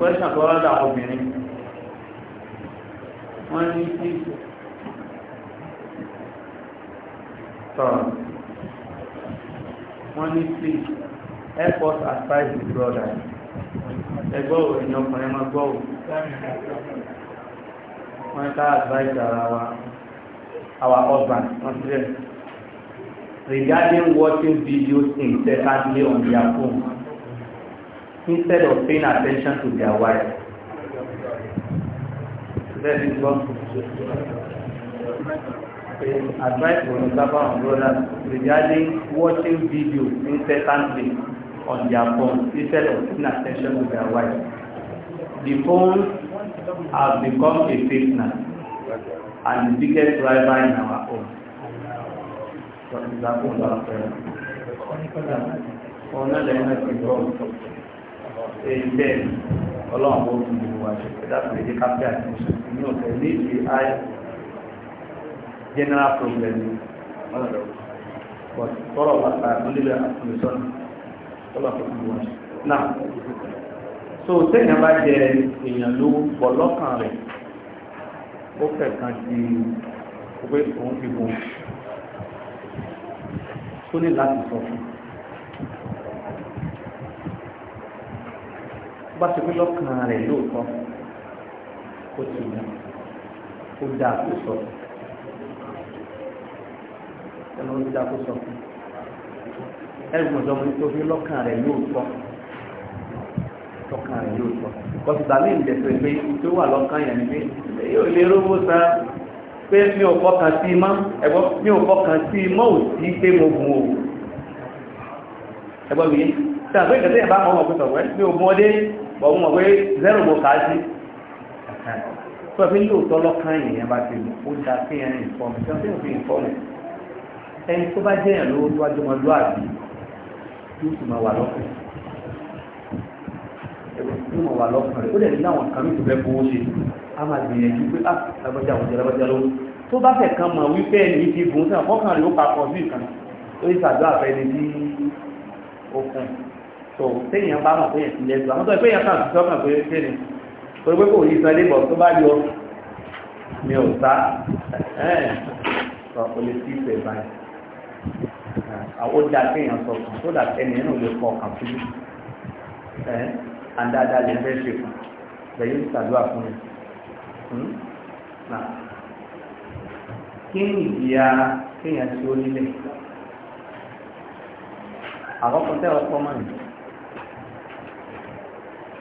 pẹ́ṣà tó rádà obìnrin wọ́n ní sí tọ́rọ̀ wọ́n ní sí help us advise the brother ẹgbọ́ èèyàn ọkùnrin máa gbọ́ ò wọ́n ká advise ara wa our husband wọ́n regarding watching videos in secondly on their phone instead of paying attention to their wife. That is one advice for Mustafa and brothers regarding watching videos incessantly on their phone instead of paying attention to their wife. The phone has become a fitna and the biggest driver in our home. What is that phone? Ọ̀nà lẹ́yìn ẹ̀kọ́ èyí bẹ́ẹ̀ ni ọlọ́run ó tún lè wá ṣe ẹ̀dá tó lè jẹ́ káfíà ní oṣù ní ọ̀tẹ̀ ní ìwé i general problem ọlọ́dọ̀ but tọ́rọ̀ wà lára tó lè bẹ àtúnṣọ́nù ọlọ́run ó tún lè wá ṣe náà so téèyàn bá jẹ èèyàn lówó pọ̀ lọ́kàn rẹ̀ ó kẹ̀kan di pé òun fi bùn tó ní láti sọ fún un. bá ti pé lọ́kàn rẹ̀ lóòótọ́ ó ti mú ó dá kó sọ ẹnu ó dá kó sọ ẹgbùn ọ̀dọ́ mo ní tó fi lọ́kàn rẹ̀ lóòótọ́ lọ́kàn rẹ̀ lóòótọ́ kọ́sìgbà mí ìjẹ́ pé pé tó wà lọ́kàn yẹn ni pé yóò lè rówó sa pé mi ò fọkàn sí i mọ́ ẹ̀gbọ́n mi ò fọkàn sí i mọ́ ò sí pé mo gùn o ẹ̀gbọ́n mi tàbí ìgbésẹ̀ yẹn bá mọ́ ọmọ ọ̀gbìn sọ̀rọ̀ ẹ̀ mi ò gùn ọdẹ ọmọ mọ̀ pé zero mo kà á sí tó fi lóòótọ́ lọ́kàn èèyàn bá ti ó da sí ẹni ìfọ́mù tí wọ́n fi ń fi ìfọ́mù ẹni tó bá jẹ́ èèyàn lówó tó wájú ọmọ lóàbí yóò sì máa wà lọ́kàn yóò máa wà lọ́kàn rẹ̀ ó lè ní àwọn kan tó fẹ́ fowó ṣe á máa gbìyànjú pé á ah, lágbájá àwọn jẹ lágbájá lówó tó bá fẹ́ kan mọ̀ wípé ẹni ti bùn sí àwọn kọ́kàn rẹ̀ ó papọ̀ sí ìkànnì ó yẹ sàdó àfẹ́ni bí ó fún tó téèyàn bá mọ̀ péyàn sílẹ̀ tó àwọn tó ẹgbẹ́ yẹn kàn sí ọkàn ni torí pé kò ní sọ ilé bọ̀ tó bá yọ mi ò sá ọ̀ lè sí ìfẹ́ báyìí àwọn ó dáa téèyàn sọ kàn tó dàtí ẹni ẹnu lè kọ kàn fún ẹ àdáadáa lè fẹ́ ṣe fún lẹ́yìn ìṣàdúrà fún mi hmm? kí ni ìdíyà téèyàn tí ó nílẹ̀ àkọ́kọ́ tẹ́ ọkọ́ mọ́ nìyí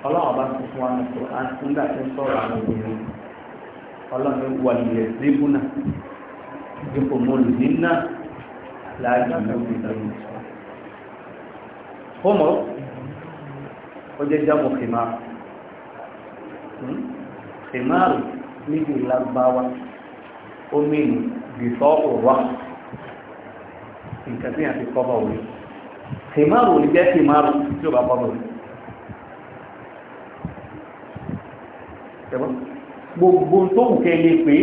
ọlọ́run bá ti fún wa ní kúrò nígbà tí ń sọ̀rọ̀ àwọn obìnrin ọlọ́run wà nílẹ̀ zébúnà dípò mọ́lù nínà láàájú àwọn obìnrin fọmọ ó jẹ́ jábọ̀ kìmáàrù hmm? kìmáàrù níbi lágbáwá omi nù bìfọ́ òwà nǹkan tí yàn ti kọ́ bá wọlé kìmáàrù ní jẹ́ kìmáàrù tí ó bá kọ́ bá wọlé. gbogbo tó wù kẹ́lẹ̀ pé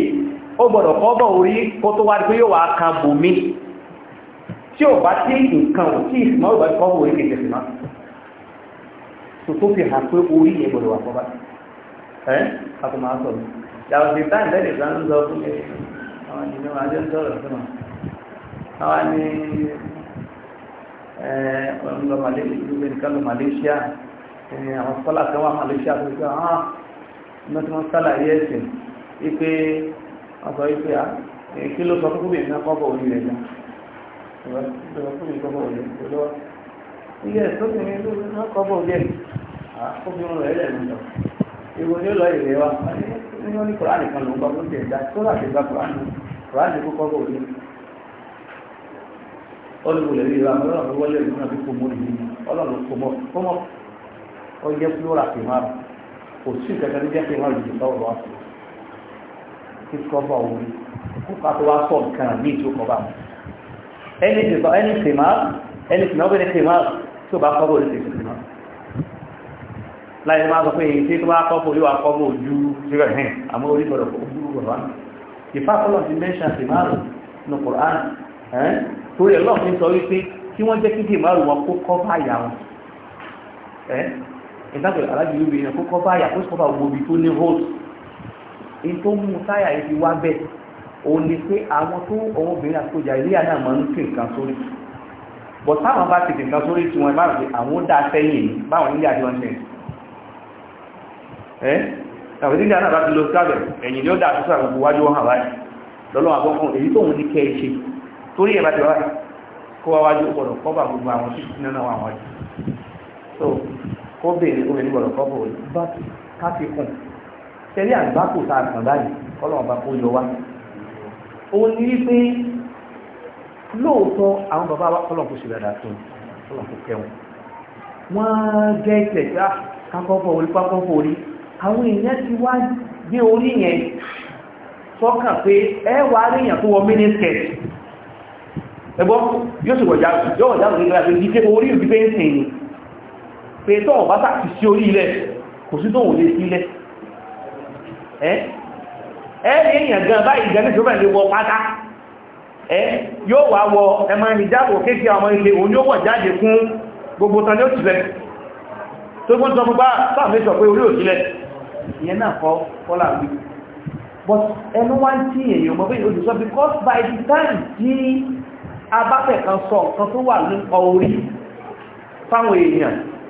ó gbọ́dọ̀ kọ́bọ̀ orí kó tó wá pé yóò wá kan bò mí tí ò bá tí nǹkan ò tí ìsìnmọ́ ò bá kọ́bọ̀ orí kẹ̀kẹ́ sí máa tó tó fi hàn pé orí yẹn gbọ́dọ̀ wà kọ́bá ni ọ̀rọ̀ ń Malaysia àwọn sọ́là kan wà Malaysia tó ń mẹ́tí wọ́n sálàyé ẹ̀sìn wípé ọ̀sọ̀ wípé à ah, kí ló sọ fún kúmí ìná kọ́kọ́ òní rẹ̀ já ilé ẹ̀sọ́ ti ní ìlú náà kọ́kọ́ òní ẹ̀ àkóbìnrin ah, rẹ̀ lẹ̀ lọ́dọ̀ ìwò ni ó lọ ìrẹ̀ wa ah, ní wọ́n ní kùránì kan ló ń gbọ́ fún ti ẹ̀dá tó láti gba kùránì kùránì kó kọ́kọ́ òní olùwòlè rí ra ọlọ́run wọlé ìlú náà fi kó mọ́ ìlú ọlọ́run kó mọ́ kó mọ́ ó yẹ fúlóra pè máa kò sí ìkẹta ní jẹ́ pé wọ́n lè sọ ọ̀rọ̀ àti kíkọ́bà omi kókà tó wá sọ nǹkan ní ìtò kọ́bà ẹni kìmá ẹni kìmá obìnrin kìmá tí ó bá kọ́bà orí tètè kìmá láyé máa sọ pé èyí tí tó bá kọ́bà orí wa kọ́bà ojú rẹ̀ hẹ́n àmọ́ orí gbọ́dọ̀ ojú bàbá ìfàkọ́lọ̀ ti mẹ́ṣà kìmá nù kùrán torí ẹ̀ lọ́ọ̀ fi sọ wípé kí wọ́n jẹ́ kí kìmá rù wọn kó kọ́bà àyà wọn ìtàkùn aláàjì ló bèèrè kó kọ́fà àyà kó kọ́fà gbòbí tó ní holt èyí tó mú táyà yìí fi wá bẹ́ẹ̀ òun ni pé àwọn tó ọmọbìnrin àtòjà ilé àná máa ń fi nǹkan sórí bọ̀ táwọn bá ti fi nǹkan sórí tí wọ́n bá rẹ̀ àwọn ó dá sẹ́yìn báwọn ilé àti wọn sẹ́yìn ẹ́ àwọn ilé àná bá ti lo sábẹ̀ ẹ̀yìn ni ó dá àtúnṣe àgbègbè wájú wọn àwáyé lọ́lọ́wọ́ àkọ́kọ́ èyí tóun ní kẹ́ ẹ ṣe torí ẹ̀ bá ti wá kó wá wájú ọ̀pọ̀lọpọ̀ gbogbo àwọn kó béèrè obìnrin gbọ́dọ̀ kọ́ bòrò bá ká fi kùn tẹ́lẹ̀ àgbákò tá a kàn báyìí kọ́lọ́wọ́n bá kó yọ wá òun ní wípé lóòótọ́ àwọn bàbá wa kọ́lọ́wọ́n kò ṣèlè dà tún kọ́lọ́wọ́n kò kẹwọn wọ́n gẹ́ ìtẹ̀síá ah, kákọ́fọ́ orí pákọ́fọ́ orí àwọn èèyàn ti wá gbé orí yẹn sọ́kàn pé ẹ wà ríyàn tó wọ mínísẹ̀tì ẹgbọ́n yóò sì wọ̀já yóò wọ̀já òní pé tó wọ́n bá sàkì sí orí ilẹ̀ kò sí tó wọ́n lè sí ilẹ̀ ẹ́ èèyàn gan báyìí gan ní ṣọ́bẹ̀ lè wọ pátá ẹ́ yóò wá wọ ẹmọ ìjábò kéèkì ọmọ ilé òun yóò wọ̀ jáde fún gbogbo tán ní òṣìṣẹ́ tó gbọ́n sọ gbogbo sáàmẹ́sọ̀ pé orí òṣìlẹ̀ ìyẹn náà kọ́ kọ́lá wí but ẹnu wá ń tí èèyàn mọ̀ bí òṣìṣọ́ because by the time tí abáfẹ̀ kan sọ nǹkan tó wà ní orí fáwọn èèyàn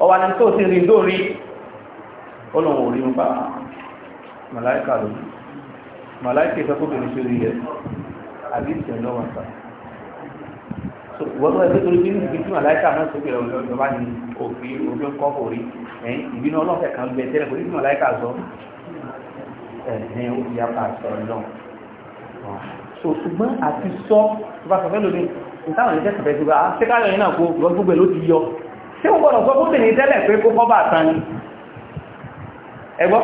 ọwà ní tó sí rí lórí ọlọ́wọ̀ orí ń bá màláìkà ló màláìkà ìfẹ́kọ́ bèèrè sí rí ẹ àbíṣẹ́ lọ́wọ́ sá wọ́n tó ẹgbẹ́ torí bí níbi tí màláìkà náà sókè rẹ̀ ọjọ́ bá ní òfin òfin ń kọ́ kò rí ẹ̀yìn ìbínú ọlọ́fẹ̀ kan bẹ tẹ́lẹ̀ kò ní bí màláìkà ẹ̀hìn ó ti àṣọ náà so ṣùgbọ́n àti sọ tó bá sọ fẹ́ lómi ìtàwọn ìjẹ́ kàfẹ́ tó bá ah, ṣẹ́káyọ̀ yẹn náà kó gbogbo ẹ̀ ló tí ó gbọ́nà sọ fún bìnrin tẹ́lẹ̀ pé kó kọ́ bà tán ni ẹgbọ́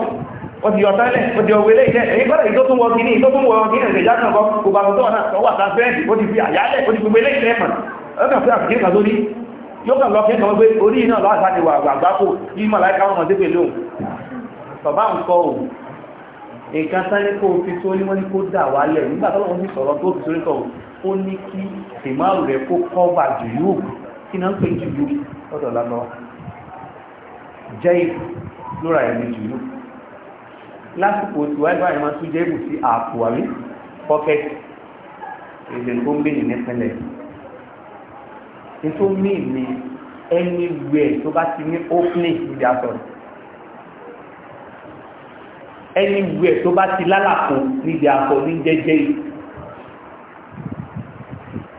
ó ti ọ̀tẹ́lẹ̀ ó ti ọwọ́ ilé iṣẹ́ èyí gbọ́dọ̀ ìtó tún wọ kìíní ìtó tún wọ kìíní ìṣẹ̀já náà kọ́ kò bá tọ́ náà tọ́wọ́ àtà fẹ́ẹ̀sì ó ti fi àyálẹ̀ ó ti gbogbo ilé iṣẹ́ mọ̀ ó kàn fẹ́ àfikẹ́ kan lórí yóò kàn lọ kí ẹ̀kan gbé orí iná lọ àṣà ti wà àgbà kò kí màláìka wọn mọ̀ sí pẹ̀lú bàbá ń kọ ò nǹkan sáré kó fi tó ní wọ́n ní kó dà wálẹ̀ nígbà tó sí sọ̀rọ̀ tó fi sórí ní kí kí náà ń pè jùlú ọ̀dọ̀ lánàá jẹ́ lóra ẹ̀ ní jùlú lásìkò tí wáyé báyìí máa tún jẹ́ ìbù sí àpò àrí pọ́kẹ́tì èdè tó ń bèèrè nípínlẹ̀ ètò míì ni anywhere tó bá ti ní opening níbi àtọ̀rọ̀ anywhere tó bá ti lálàkùn níbi àtọ̀ ní jẹ́jẹ́ yìí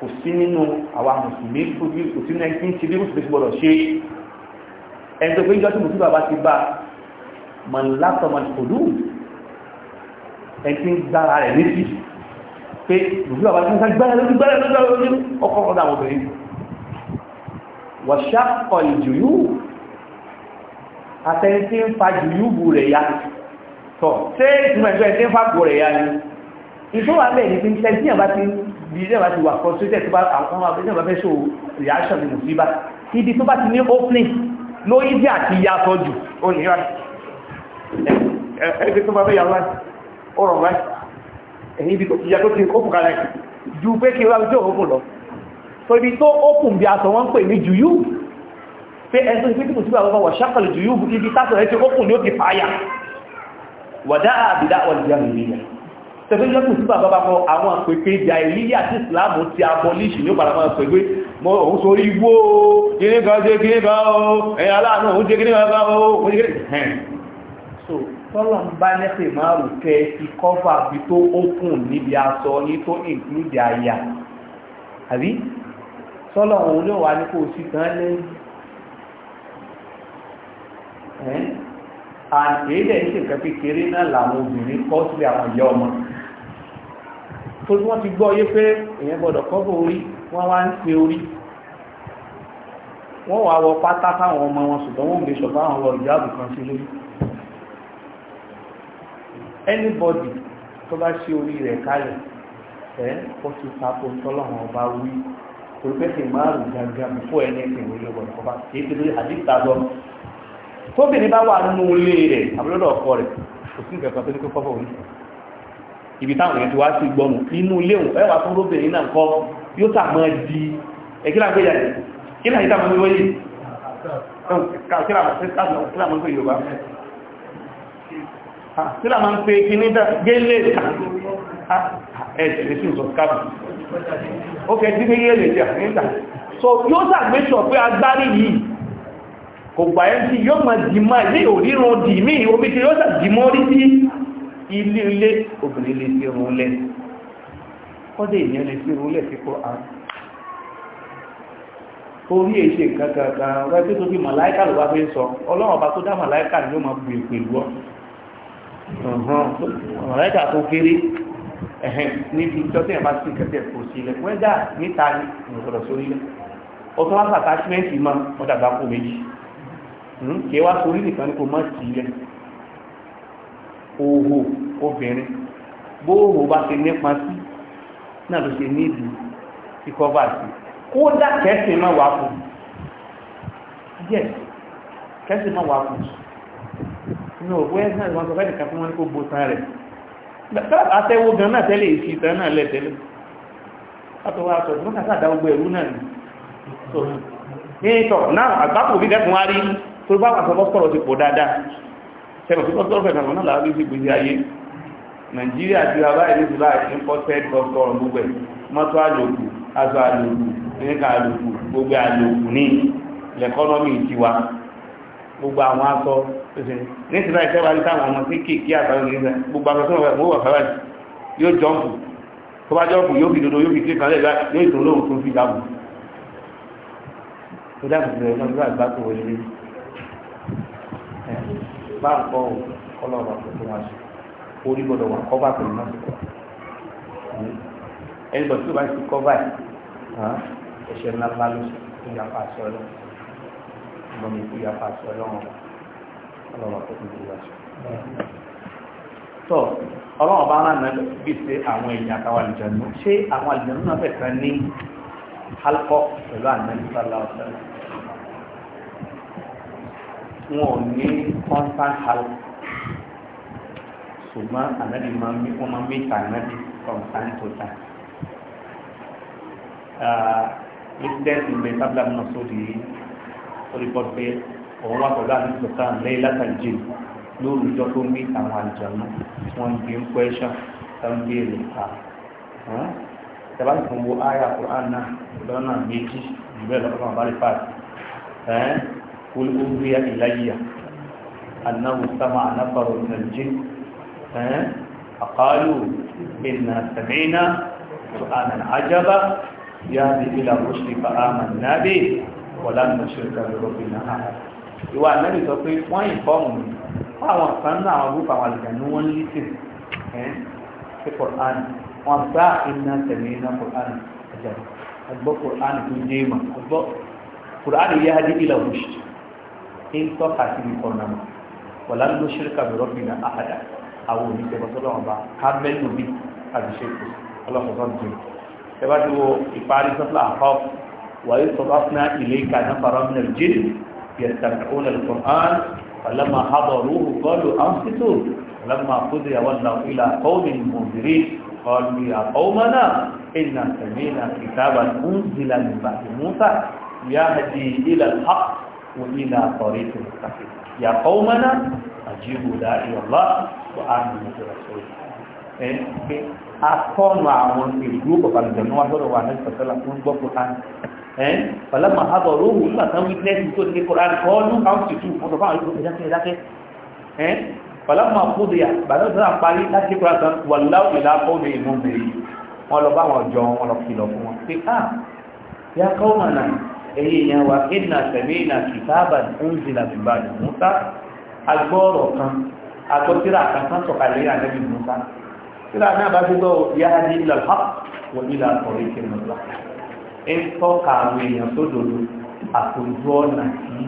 kò sí nínú àwa mùsùlùmí fojú kò sí nineteen ti bí mùsùlùmí ti gbọdọ̀ ṣe ẹni tó pé ìjọ tí mùsùlùmí bàbá ti bá mọ̀ látọ̀ mọ̀ kò dùn ẹni tí ń gbára rẹ̀ létí pé mùsùlùmí bàbá ti ń gbára lójú gbára lójú gbára lójú ọkọ̀ ọ̀dà àwọn obìnrin wọ̀ṣà kọ̀ ìjòyú àtẹni tí ń fa jùlúbù rẹ̀ ya tọ̀ ṣé ìtumọ̀ ẹ̀ṣọ́ ẹ̀ tí ń fa kò rẹ̀ ya ni ìtọ́wà bẹ́ẹ̀ bí ilé ìwà ti wà frustrated tó bá àwọn abẹ́sẹ̀ bá fẹ́ ṣò reaction ní mùsùlùmí ibi tó bá ti ní opening ló yíjì àti yàtọ̀ jù ó ní wá ẹgbẹ́ tó bá fẹ́ yàwó ó rọ̀ wá ẹ̀yìn ibi ìyà tó ti open kalẹ̀ ju pé kí wọ́n tó open lọ so ibi tó open bí aṣọ wọ́n pè ní jù yú pé ẹ̀sọ́ ìpé tí mùsùlùmí àwọn wà ṣàkàlù jù yú ibi tásọ̀ ẹ̀ ti open ní ó ti fàáyà wàdá àbìdá ọ̀lẹ́yà tẹ̀fẹ́ lẹ́kùn sí bàbá bàbá àwọn pèpè ìjà ìlíyà tí ìsìláàmù ti abọ́líṣì ní pàdàmà pẹ̀gbé mọ́ òun sórí igbó kíní kan ṣe kíní kan o ẹ̀yà aláàánú òun ṣe kíní kan o òun ṣe kíní kan so tọ́lá ń bá lẹ́sẹ̀ márùn kẹ ti kọ́fà bí tó ókùn níbi aṣọ ní tó include àyà àbí tọ́lá òun ló wà ní kò sí kan lẹ́yìn àǹtí ilẹ̀ ìṣèkẹ́ kékeré náà làwọn obìnrin kọ́ sílẹ̀ àwọn ìyá ọmọ tó tí wọ́n ti gbọ́ yé pé èyàn gbọ́dọ̀ kọ́bọ̀ orí wọ́n wá ń pe orí wọ́n wà wọ pátá fáwọn ọmọ wọn ṣùgbọ́n wọ́n gbé ṣọ̀fá àwọn ọ̀rọ̀ ìjáàbù kan sí lórí anybody tó bá ṣe orí rẹ̀ kalẹ̀ ẹ́ ó ti tako tọ́lọ́wọ́n ọba wí olùpẹ̀sẹ̀ márùn gangan fún ẹni ẹ̀sìn ìwé lọ́gbọ̀n ọba kìí ṣe lórí àdìsá lọ tóbìnrin bá wà nínú ilé rẹ̀ àbúrò ọkọ rẹ̀ kò sí nǹkan kan tó ní kó kọ́bọ̀ ibi táwọn èèyàn ti wá sí gbọ́nù inú ilé òun ẹwà fún lóbìnrin náà kọ́ yóò sàmọ́ di ẹ̀kílà ń gbéyà kílà yìí táwọn olówó yìí kílà máa ń pè yorùbá kílà máa ń pè kíní gẹ́lẹ̀ ẹ̀sẹ̀ sí ìsọ̀ káàbù ó kẹ́ sí gẹ́lẹ̀ ìjà níta so yóò sàgbéṣọ̀ pé agbárí yìí kò gbà ẹ́ sí yóò máa dì máa ilé òrírun dì mí ilé ilé obìnrin lè fi rún lẹ́ kọ́dé èèyàn lè fi rún lẹ́ sí kọ́ á orí èṣe kàkàkà ọ̀rẹ́ tí tó fi màláíkà ló bá fi ń sọ ọlọ́run ọba tó dá màláíkà ni ó máa bu ìpèlú e ọ màláíkà tó kéré níbi ìjọsìn ẹ̀ bá sì kẹsẹ̀ kò sí ilẹ̀ wẹ́dà níta ni ìrọ̀rọ̀ sórí lẹ̀ ọtún wá sàtàṣímẹ́ǹtì máa wọ́n dàgbà kó méjì hmm, kí wá sórí nìkan ni kò má sí ilẹ̀ òhò obìnrin bóòhò bá ti nípa sí náà ló ṣe níbi ìkọ́bà sí kódà kẹ́sìn máa wà fún yes kẹ́sìn máa wà fún inú òwú ẹ̀ náà wọ́n sọ fẹ́ nìkan fún wọn kó bo tán rẹ̀ àtẹ́wó gan náà tẹ́lẹ̀ ìfi ìtàn náà lẹ̀ tẹ́lẹ̀ látọwọ́ aṣọ ìgbọ́n kàtà àdá ogbó ẹ̀rú náà ní ìtọ̀ náà àgbákò bí dẹ́kun wá rí tó bá wà ti pọ̀ dáadáa sẹ́wọ̀n tí kọ́tọ́ fẹ̀ tàwọn náà làwọn bí gbèsè ayé nàìjíríà ti ra báyìí nítorí láti ń kọ́ tẹ́ẹ̀d kọ́tọ́rọ̀ gbogbo ẹ̀ mọ́tò àlòkù aṣọ àlòkù ẹ̀ka àlòkù gbogbo àlòkù ní lẹ́kọ́nọ́mì tiwa gbogbo àwọn aṣọ ṣe ní ti báyìí sẹ́wọ̀n àti táwọn ọmọ kéékèèké àtàwọn ìgbésẹ̀ gbogbo aṣọ tó wọ́n wà fẹ́rẹ́ yóò jọ́ǹpù tó bá jọ́ǹpù yóò fi dodo yóò fi kéèkan lẹ́gbàá yóò ìtòun lóhùn tó fi dàbò tó dàbò tó lẹ́yìn náà nígbà ìgbà tó wọlé bá ń kọ́ kọ́lọ̀ ọ̀rọ̀ tuntun wá sí orí gbọ́dọ̀ wà kọ́ bá pẹ̀lú náà sọ̀rọ̀ ẹni bọ̀ tí o bá ti kọ́ báyìí ẹ̀ṣẹ̀ ńlá ńlá ló ń yapa àṣọ ẹlọ́ ọmọ mi kú yapa àṣọ ẹlọ́ ọ̀rọ̀ ọlọ́wọ́ tó tuntun wá sí. tọ́ ọlọ́wọ́ bá rán náà bí ṣe àwọn èèyàn àtàwọn àlùjànnú ṣé àwọn àlùjànnú náà fẹ̀ kan ní alkọ́ pẹ̀lú àná wọn ò ní constant health ṣùgbọ́n ànábì máa ń wọ́n máa ń mẹ́ta ànábì from time to time. president ìgbẹ́ tábìlà náà sórí orúkọ pé òun wà pẹ̀lú àmì ìsọ̀kan lẹ́yìn látàjì lóru ìjọ tó mí àwọn àjọ̀nù wọn gbé ń question tó ń béèrè pa. ìjọba ìfowó ayà kò hàn náà lọ́nà méjì ìbẹ̀rẹ̀ lọ́kọ̀ àbálẹ̀ pàṣẹ. قل أوحي إلي أنه سمع نفر من الجن فقالوا إنا سمعنا قرآنا عجبا يهدي إلى الرشد فآمنا به ولن نشرك بربنا أحد يقول النبي صلى الله عليه وسلم وين فهم فهو صنع أبوك على الجنوة لسن في القرآن وان ساء إنا سمعنا قرآنا عجبا أدبو قرآن كل جيما أدبو قرآن يهدي إلى الرشد ń tọ́ka sí ibi kan náà wọ̀lá ló ṣíríkà mi rọ́bì náà àhàdà àwọn oníṣẹ́ bọ́sọ́lọ́wọ́n bá ká mẹ́lú bí àbíṣẹ́kù ọlọ́pọ̀tọ́ jù ẹ bá ti wo ìparí sọ́tà àkọ́ wàyí sọ́tà fúnà ilé ìka náà fara mi nàìjí yẹtàkùn al-Qur'an falamma hadaruhu qalu ansitu falamma qudiya wallaw ila qawmin munzirin qalu ya qawmana inna sami'na kitaban unzila min ba'di Musa yahdi ila al وإلى طريق مستقيم يا قومنا أجيبوا داعي الله وآمنوا برسوله akọnu àwọn ìlú ọ̀pàlùjọ̀nù wá lọ́rọ̀ wà nípa sọ́lá fún gbọ́ kòrán pẹ̀lẹ́mà àbọ̀ lóhùn nígbà tán wítẹ́sì tó ní kòrán kọ́ọ̀lù káùntìtù wọ́n sọ fún àwọn ìlú ìdákẹ́ ìdákẹ́ pẹ̀lẹ́mà kúrò yà bàtọ́sọ́lá parí láti kòrán tán wà láwùjọ lápọ́ọ̀mù ìmú mẹ́rin wọ́n lọ bá wọn jọ wọn lọ kìlọ̀ kilo, wọn pé ah ya kọ́ọ̀mù náà èyí yẹn wa iná tẹ̀mí iná kìtàbà ounzila bimba ní musa agbọ́ọ̀rọ̀ kan agbọ́tíra kan kan sọ̀kalẹ̀ yà nẹ́bí musa tíra náà bá ti gbọ́ yáhadi ilẹ̀ hap wọ ilẹ̀ àkọ̀rẹ́ ìkẹ́ mọ́tò ń tọ́ka àwọn èèyàn tó dòdò àkójú ọ̀nà sí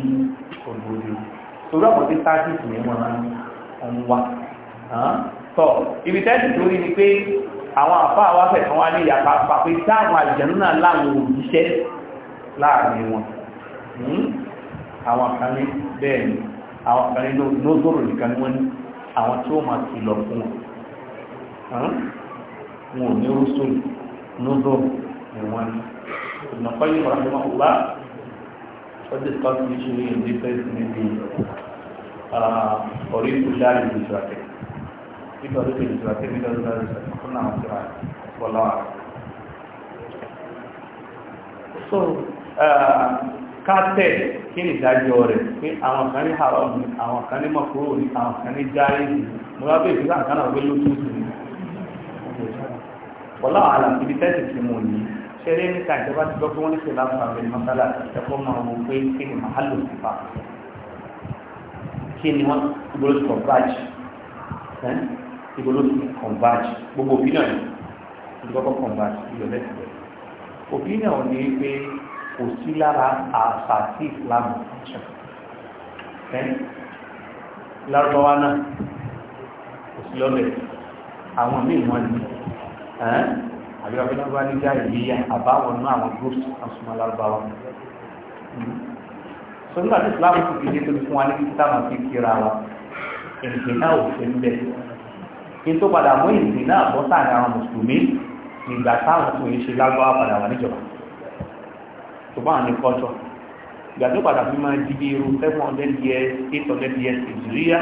òdòdó torí àwọn tí sáàtìsì ní wọn ń wá tọ́ ibi tẹ́sì tó rí ni pé àwọn àfáà wáfẹ̀ kan wá ní ìyàpá pàpẹ́ sáàwọn àjẹ̀nú náà láwọn òjíṣẹ́ láàrin wọn hmm? àwọn kan ní bẹ́ẹ̀ ni àwọn kan ní lóòzòrò nìkan ni wọ́n ní àwọn tí ó máa ti lọ fún wọn hmm? wọn ò ní rúṣòlù lóòzòrò ni wọ́n ní ìdùnnàkọ́ yìí wà fún ọgbà ó discuss issue in different maybe ọ̀rí ìpínlẹ̀ ìjọba nítorí pé ìjọba tẹ́lẹ̀ lọ́dún lọ́dún sọ̀rọ̀ fún àwọn tí wọ́n wà lọ́wọ́ so Eh, kátẹ̀ kí ni ìdájọ́ rẹ̀ pé àwọn kan ní haram ní àwọn kan ní mọ́kúrò ní àwọn kan ní jáyé ní mo lábẹ́ ìfúnlá nǹkan náà gbé lótútù ní wọ́lá àlà ibi tẹ́sì tí mo ní ṣeré ní ká ìjọba ti gbọ́ pé wọ́n ní ṣe láǹfà bẹ̀rẹ̀ mọ́sálà ẹ̀kọ́ máa wo pé kí ni màálù ti fà kí ni wọ́n gbọ́dọ̀ ti converge ìgbọ́dọ̀ ti converge gbogbo opinion ìgbọ́kọ̀ converge ìyọ̀lẹ́sì rẹ̀ opinion kò sí lára àṣà tí Islam ṣe lárúbáwá náà kò sí lọ́lẹ̀ àwọn míì wọ́n ní àbíwájú náà bá ní já ìyíyá àbáwọn náà àwọn groups kan súnmọ́ lárúbáwá so nígbà tí Islam ti fi dé tó fún wa ní kíkà máa fi kíra wa ìrìnkè náà ò fẹ́ ń bẹ̀ kí n tó padà mú ìrìnkè náà bọ́ sáà ní àwọn mùsùlùmí nígbà táwọn tó yẹ ṣe lágbáwá padà wà níjọba ṣùgbọ́n àwọn culture ìgbà tó padà fi máa di bí irú seven years eight hundred years ìjìríyà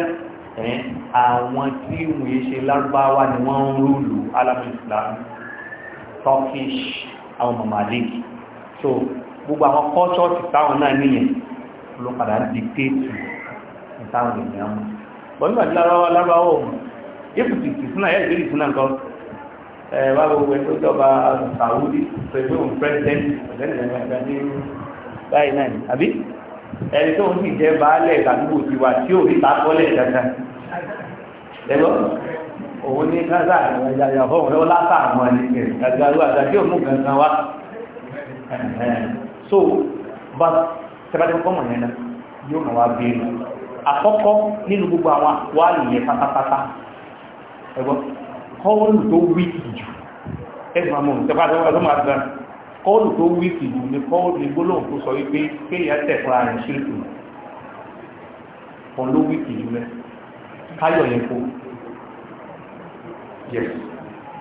àwọn tí wọ́n ṣe lárúbáwá ni wọ́n ń rúlù alamislam turkish àwọn mamalik so gbogbo àwọn culture ti táwọn náà nìyẹn ló padà ń dictate ìtàwọn ènìyàn mọ́ bọ́n nígbà tí lárúbáwá lárúbáwá òun wá gbogbo ẹgbẹ́ ìjọba sàwúdì pẹ̀lú òun pẹ́sidẹ́ntì ọ̀sẹ́ni báyìí náà àbí ẹni tó ń sì jẹ́ baálẹ̀ àdúgbò ti wà tí ò rí takọ́lẹ̀ dandan lẹ́gbọ́ òun ní káza àwọn ẹja ìyá fọ́ọ̀mù lọ́wọ́ àwọn ẹni kẹrì gàgàrú àgbà tí òun gangan wá so bá tẹ́bàtẹ́ fọ́ọ̀mù yẹn náà yóò máa wá bí i àkọ́kọ́ nínú gbogbo àwọn wàá pátápátá ẹgbọ́n kọ́ọ̀lù tó wíìkì jù ẹgbà mọ̀ tẹ́fàdọ́wọ́dọ́mọ̀dá kọ́ọ̀lù tó wíìkì jù ní kọ́ọ̀lù gbólóhùn tó sọ wípé kéèyàn tẹ̀kọ́ àrùn ṣírìkù kan ló wíìkì jù lẹ káyọ̀ yẹn kó yes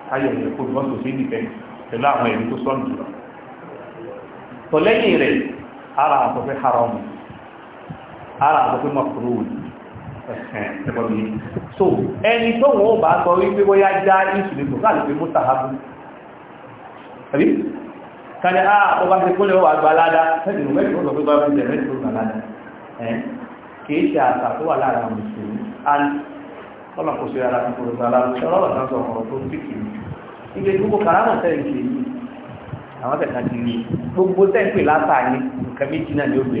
káyọ̀ yẹn kó bọ́sù sí ìdìbẹ̀ pẹ̀lú àwọn ẹ̀rí tó sọ́nù jù lọ rẹ̀ ara àtọ́fẹ́ haram ara àtọ́fẹ́ mọ̀kúrò wòlíì so ẹni tó wọ́n bá sọ wípé wọ́n yá já ìṣìlẹ̀kùn láti pé mọ́ta ha fún ẹ̀bí kàlẹ̀ àà ọba ti kó lè ah, wà gba aládá ẹ̀dùn mẹ́rin tó sọ pé bá ẹ̀ kìí ṣe àṣà tó wà lára and ọ̀nà kò sí ara tó kò lọ́gbà aládá ọlọ́wà kan sọ ọ̀rọ̀ tó ti kìí ìgbé gbogbo kàrámọ̀ tẹ́lẹ̀ ṣe yìí àwọn tẹ̀ka ti rí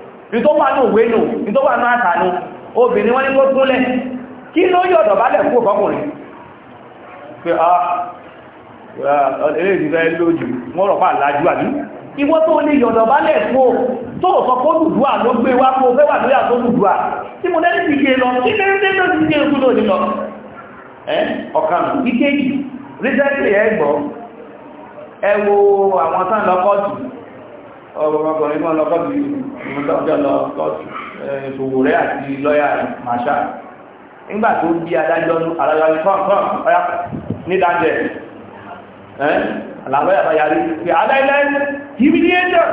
nítọ́wà náà òwe nù nítọ́wà náà àtànù obìnrin wọ́n ní kó túnlẹ̀ kí ló yọ̀ dọ̀bálẹ̀ fún ọkọkùnrin pé a ah, ah, eléèdìfẹ́ lójú wọ́n rọ̀ pàà lájú àbí ìwọ́ tó lè yọ̀ dọ̀bálẹ̀ fún tó sọ kó dùdú à ló gbé wá fún ọgbẹ́ wà lórí àtó dùdú à tí mo lẹ́ni ti gé e lọ kí lẹ́ni tó ti gé ikú e lónìí lọ e ọ̀kan ìkéjì rí ọgbọ̀gbọ̀gbọ̀rin máa lọ bọ́bí ìmúdọ́jọ́ lọ kọ́ọ̀tù ìṣòwò rẹ̀ àti lọ́yà màṣá nígbà tó bí adájọ́ alájọ́ kọ́ọ̀kọ́ọ̀ ọ̀yá nídájẹ́ ẹ̀ àlàbọ́yà bá yarí pé adájọ́ humiliator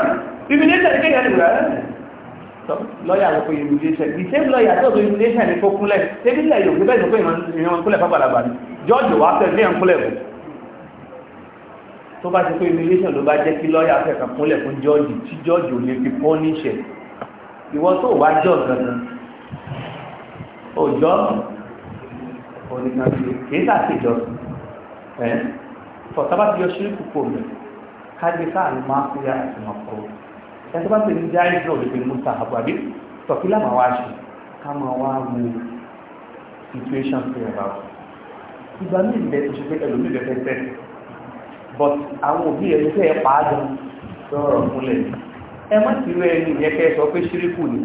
humiliator ní kéèyàn rẹ̀ lọ́yà lọ pé humiliation the same lọ́yà tó tó humiliation ní kó kúnlẹ̀ tẹ́bílẹ̀ yòókù bẹ́ẹ̀ tó bá ti pé immigration ló bá jẹ́ kí lọ́ọ̀yà fẹ́ kàn kúnlẹ̀ fún jọ́ọ̀jì tí jọ́ọ̀jì ò lè fi pọ́níṣẹ̀ ìwọ tó wá jọ́ gangan òjọ́ oníkanṣe kìí sàṣèjọ́ ẹ̀ fọ̀tábà ti yọ ṣírí púpọ̀ mi kájí káàlù máa fi yá àti wọn kọ́ ẹ tó bá pè ní jáì náà lè fi mú sàbò àbí tọ̀kí lámà wá ṣe ká máa wá wo situation fẹ́ ẹ̀ bá wọn ìgbà míì bẹ́ẹ̀ tó ṣe pé ẹlòmíì bẹ́ẹ̀ fẹ́ tẹ̀sí but àwọn òbí ẹ̀ ló fẹ́ pa á jọ sọ̀rọ̀ fúnlẹ̀ ẹ má ti rẹ ẹni yẹn sọ pé ṣíríkù ni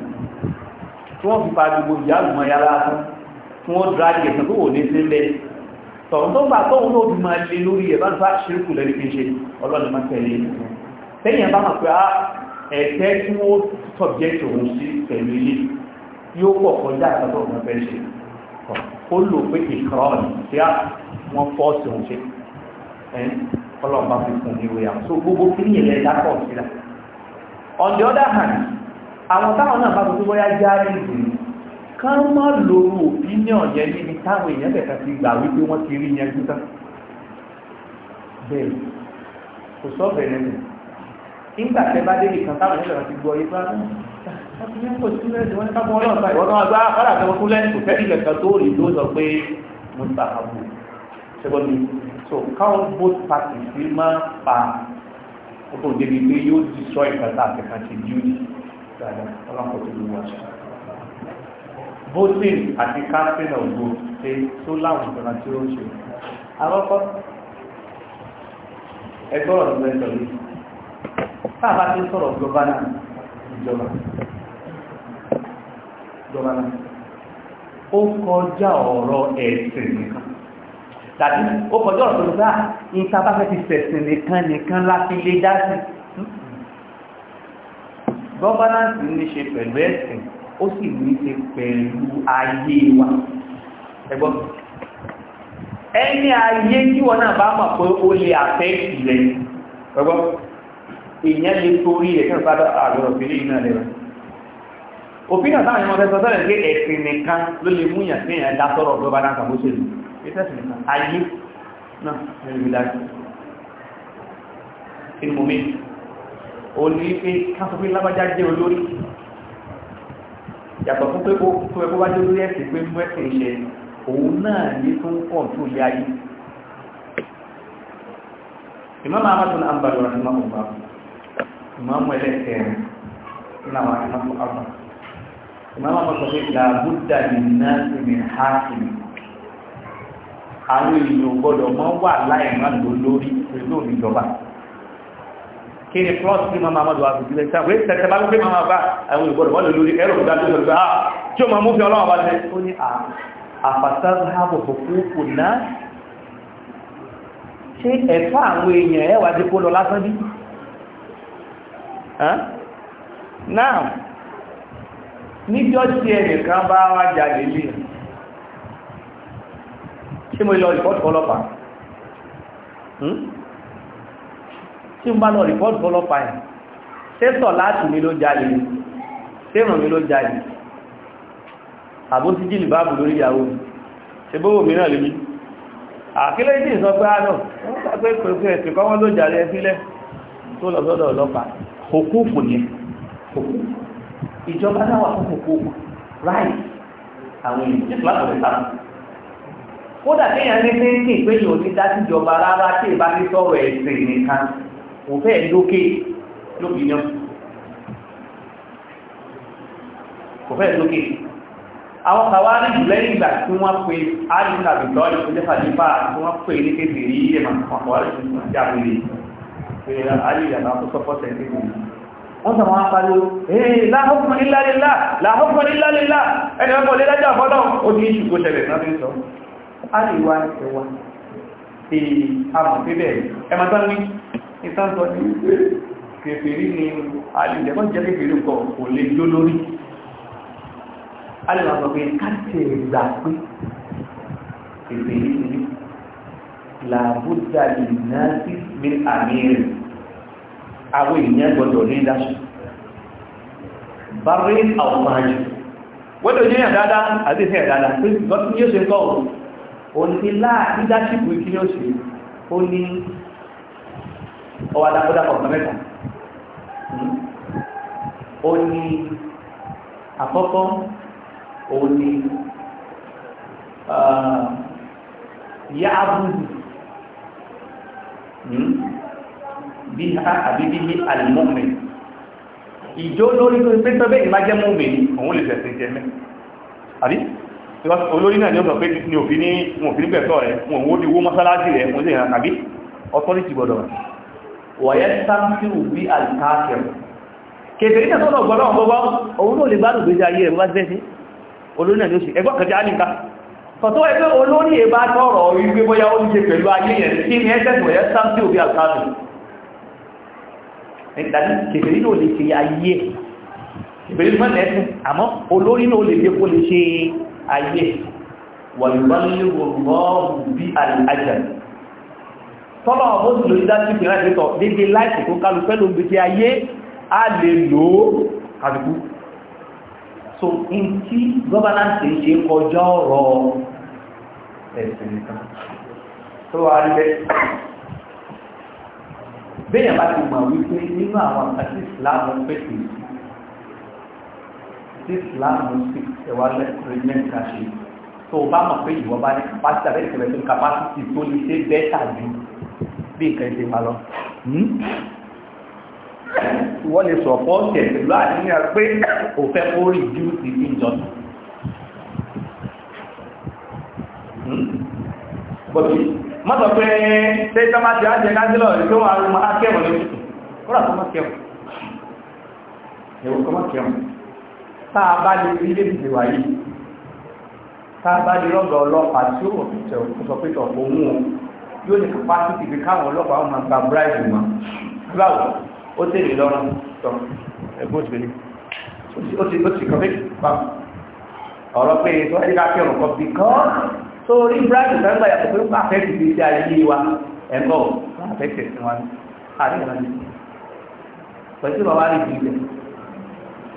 tí wọ́n fi pa gbogbo ìyá àlùmọ́ ya lára fún tí wọ́n dra jẹ̀ tó wò ní sílẹ̀ tọ̀hún tó gbà tóun náà fi máa lé lórí ẹ̀ bá ń fa ṣíríkù lẹ́ni kí n ṣe ọlọ́ni má tẹ̀lé e. tẹ́yìn bá mọ̀ pé ah, ẹ̀tẹ́ tí wọ́n sọ̀bjẹ́tì òun sí pẹ̀lú ṣe ó kọ́lọ́n bá fi fún ìwé àwọn so gbogbo kí ní ilẹ̀ ìdákọ̀ síra on the other hand àwọn táwọn náà bá tó tó bóyá járe ìdìrí ká má lòrò opinion yẹn níbi táwọn èèyàn bẹ̀ka ti gbà wípé wọ́n ti rí yẹn gbúta bẹ́ẹ̀ kò sọ bẹ̀rẹ̀ nù nígbà tẹ bá dé nìkan táwọn èèyàn bẹ̀ka ti gbọ́ yé bá ah, wọ́n ti yẹn kò sí so káwọn both parties fi máa pa ọkọ̀ débi pé yóò destroy ìkàtà àfẹ́kàn ti duty dáadáa ọlọ́pọ̀ tó lù wá ṣe voting àti casting of vote ṣe tó láwọn ìjọba tí ó ń ṣe àkọ́kọ́ ẹgbẹ́ ọ̀rọ̀ ló ń sọ yìí táàbá ti sọ̀rọ̀ gọ́bánà ìjọba gọ́bánà ó kọjá ọ̀rọ̀ ẹ̀sìn nìkan tàbí ó kọjọ́ ọ̀rọ̀ tó bá ìta ah, bá fẹ́ ti fẹ̀sìn nìkan nìkan láti lè dá sí governance ní ṣe pẹ̀lú ẹ̀sìn ó sì ní ṣe pẹ̀lú ayé wa ẹgbọ́n ẹni ayé tí wọ́n náà bá mọ̀ pé ó lè àfẹ́ ìrẹ̀ ẹgbọ́n èèyàn lè torí ẹ̀ kí nípa àgbọ̀rọ̀ òfìlẹ̀ iná rẹ̀ òfin àtàwọn ẹ̀mọ́ fẹ́ sọ sọ́rọ̀ pé ẹ̀sìn nìkan ló lè múyàn sí ẹ̀yàn dá sọ́rọ̀ governance àbóṣèlú ayé náà ẹ̀rù ìdájú kí ni mo mé o ní pé káàkiri pé lábájá jẹ́ olórí yàtọ̀ fún pé kó ẹkọ́ bá jẹ́ olórí ẹ̀sìn pé mú ẹ̀sìn ilẹ̀ òun náà ní tó ń pọ̀ tó lé ayé ìmọ̀mọ̀ amadu náà ń bá lọ́rọ̀ ìmọ̀ ọ̀gbà ìmọ̀mọ̀ ẹlẹ́kẹ̀ẹ́ ní àwọn àwọn èèyàn gbọ́dọ̀ mọ́ wà láìmọ́ lórí pẹ̀lú ìjọba kí ni plus tí máa máa dùn àti ìlẹ̀ ìtàwé tẹ̀tẹ̀ bá gbé máa bá àwọn ìgbọ́dọ̀ wọ́n lórí ẹ̀rọ ìgbà tó lọ́gbà tí ó máa mú fi ọlọ́wọ́ bá tẹ́ ó ní àfàtà ààbò fòkúkù náà bá wá jáde lè ṣé mo lọ rìpọ́tù ọlọ́pàá tí hmm? mo bá lọ rìpọ́tù ọlọ́pàá ẹ̀ sẹ́sọ̀ láti mi ló jalè sẹ́rùn mi ló jalè àbótíjì lè báàbù lórí ìyàwó ṣe bówó mìíràn lè mí àkílẹ̀ ìdí ìsọ pé ánà ah, wọ́n pàpẹ́ pẹ̀lú ẹ̀sìn kọ́ wọ́n ló jàre ẹ̀sílẹ̀ tó lọ sọ́dọ̀ ọlọ́pàá hòkúùkù ní ìjọba náà wà fún hòkúùkù ráì àwọn ènìyàn kódà kéèyàn ní pé pé yóò ti dá síjọba rárá tí ìbá ní sọ̀rọ̀ ẹ̀sìn nìkan kò fẹ́ lókè lóbi náà kò fẹ́ lókè àwọn kàwárí lẹ́yìn ìgbà tí wọ́n pe àríkà bìtọ́ ìpínlẹ̀fà nípa tí wọ́n pe ní pé bèèrè ilé ma kàwárí tí wọ́n já pé pé àríyà náà tó sọ́pọ̀ tẹ̀lé wọ́n sọ wọ́n pariwo ee eh, láhùkùn ilá lílá láhùkùn ilá lílá ẹni wọ́n kọ̀ lé lájà fọ́lọ́ ó ní ìṣùgbọ́ tẹ̀lẹ̀ náà àríwá ẹ̀wà èyí àmọ̀ pípẹ̀ ẹmà tán ní ìsáǹtọ́ ní kèfèrí ni alìjẹ̀kọ́ jẹ́ kèfèrí nǹkan kò lè jó lórí alìwà sọ pé káàkiri ìgbà pé kèfèrí ni làbúdà ìnáàtì mi àmì rẹ̀ àwọn èèyàn gbọdọ̀ ní ìdáṣù bá rí àwọn máa jù wọ́n tó jẹ́ yàn dáadáa àti ìfẹ́ dáadáa pé lọ́tún yóò ṣe kọ́ òní láà leadership kí ni ó ṣe ó ní ọwọ́ adágbọ́dápọ̀ ọ̀gbọ́n mẹ́ta hmm? ó ní àkọ́kọ́ ó ní yá abúlù bí àbí bí alìmọ́mẹ́ ìjó lórí tó ń pẹ́ tọ́bẹ̀ ìmájẹ́mọ́mẹ́ òun lè fẹ̀sẹ̀ jẹ́mẹ́ àbí because olórí náà ni ó sọ pé ní òfin ní òfin pẹ̀tọ́ rẹ̀ wọn ò ní owó mọ́sálásí rẹ̀ wọn sì rìn àtàbí authority gbọdọ̀ wọ̀nyẹ́ sáńsìrù bí alkaafir kèfèrí náà tọ́lọ̀ gbọdọ̀ gbogbo òun náà lè bá lùgbèjà ayé ẹ̀rọ bá ti fẹ́ olórí náà ni ó sì ẹgbọ́ kẹjá nìka tọ̀tọ́ ẹgbẹ́ olórí ẹ̀bá tọ́rọ̀ ìgbé bóyá ó ń jẹ pẹ̀lú ayé yẹn kí ni ẹgbẹ́ wọ̀nyẹ́ sáńsìrù bí alkaafir kèfèrí náà lè ṣe ayé kèfèrí náà lẹ́sìn àmọ́ olórí náà lè gbé kó lè ayé wàlúwàlúwọ̀lọ́wọ̀ bí àjẹ́ tọ́lọ̀ ọ̀hún sì lórí dájú ìpínlẹ̀ ìpínlẹ̀ dédé láìsì tó kálu pẹ́lú gbèsè ayé a lè lò ó kàdùkú so in tí gọ́bánáǹsì ṣe kọjá ọ̀rọ̀ ẹ̀sìn nìkan tó wà rí bẹ́ẹ̀ bẹ́ẹ̀ bá ti tí ìsìláàmù sí ẹ̀wà lẹ́kùnrin ká ṣe tó o bá mọ̀ pé ìwọ bá ní capacity abẹ́rẹ́ ìṣẹ̀lẹ̀ tó ní capacity tó lè ṣe bẹ́tà ju bí nǹkan ṣe máa lọ. Hmm? ìwọ lè sọ̀pọ̀ tẹ̀ pẹ̀lú àníyàn pé o fẹ́ kó reduce the injury. bọ́dí mọ́tò pé ṣé sábà ti á jẹ kájílọ̀ rí tó wà á kẹ́wọ̀n lóṣù kó rà tó má kẹ́wọ̀n. ẹ̀wọ̀n kó má kẹ́wọ̀n táa bá lè rí lébìdì wáyé táa bá lè rọ́gbà ọlọ́pàá tí ó tẹ̀ sọ pé tọ̀ òun o yóò ní capacity bí káwọn ọlọ́pàá wọn máa gba bribe mọ́ báwo ó tẹ̀lé lọ́rùn tọ̀ ẹgbẹ́ òṣèlú ó ti ó ti kọ́ méjì pa ọ̀rọ̀ pé tó ẹni ká kẹrùn kan bí kọ́ tó rí bribe fẹ́ gbà yàtọ̀ pé ó pàfẹ́ ti fi ṣe ayé wa ẹ̀kọ́ pàfẹ́ tẹ̀sí wa àríyànjú pẹ̀lú bàbá rí ìdílé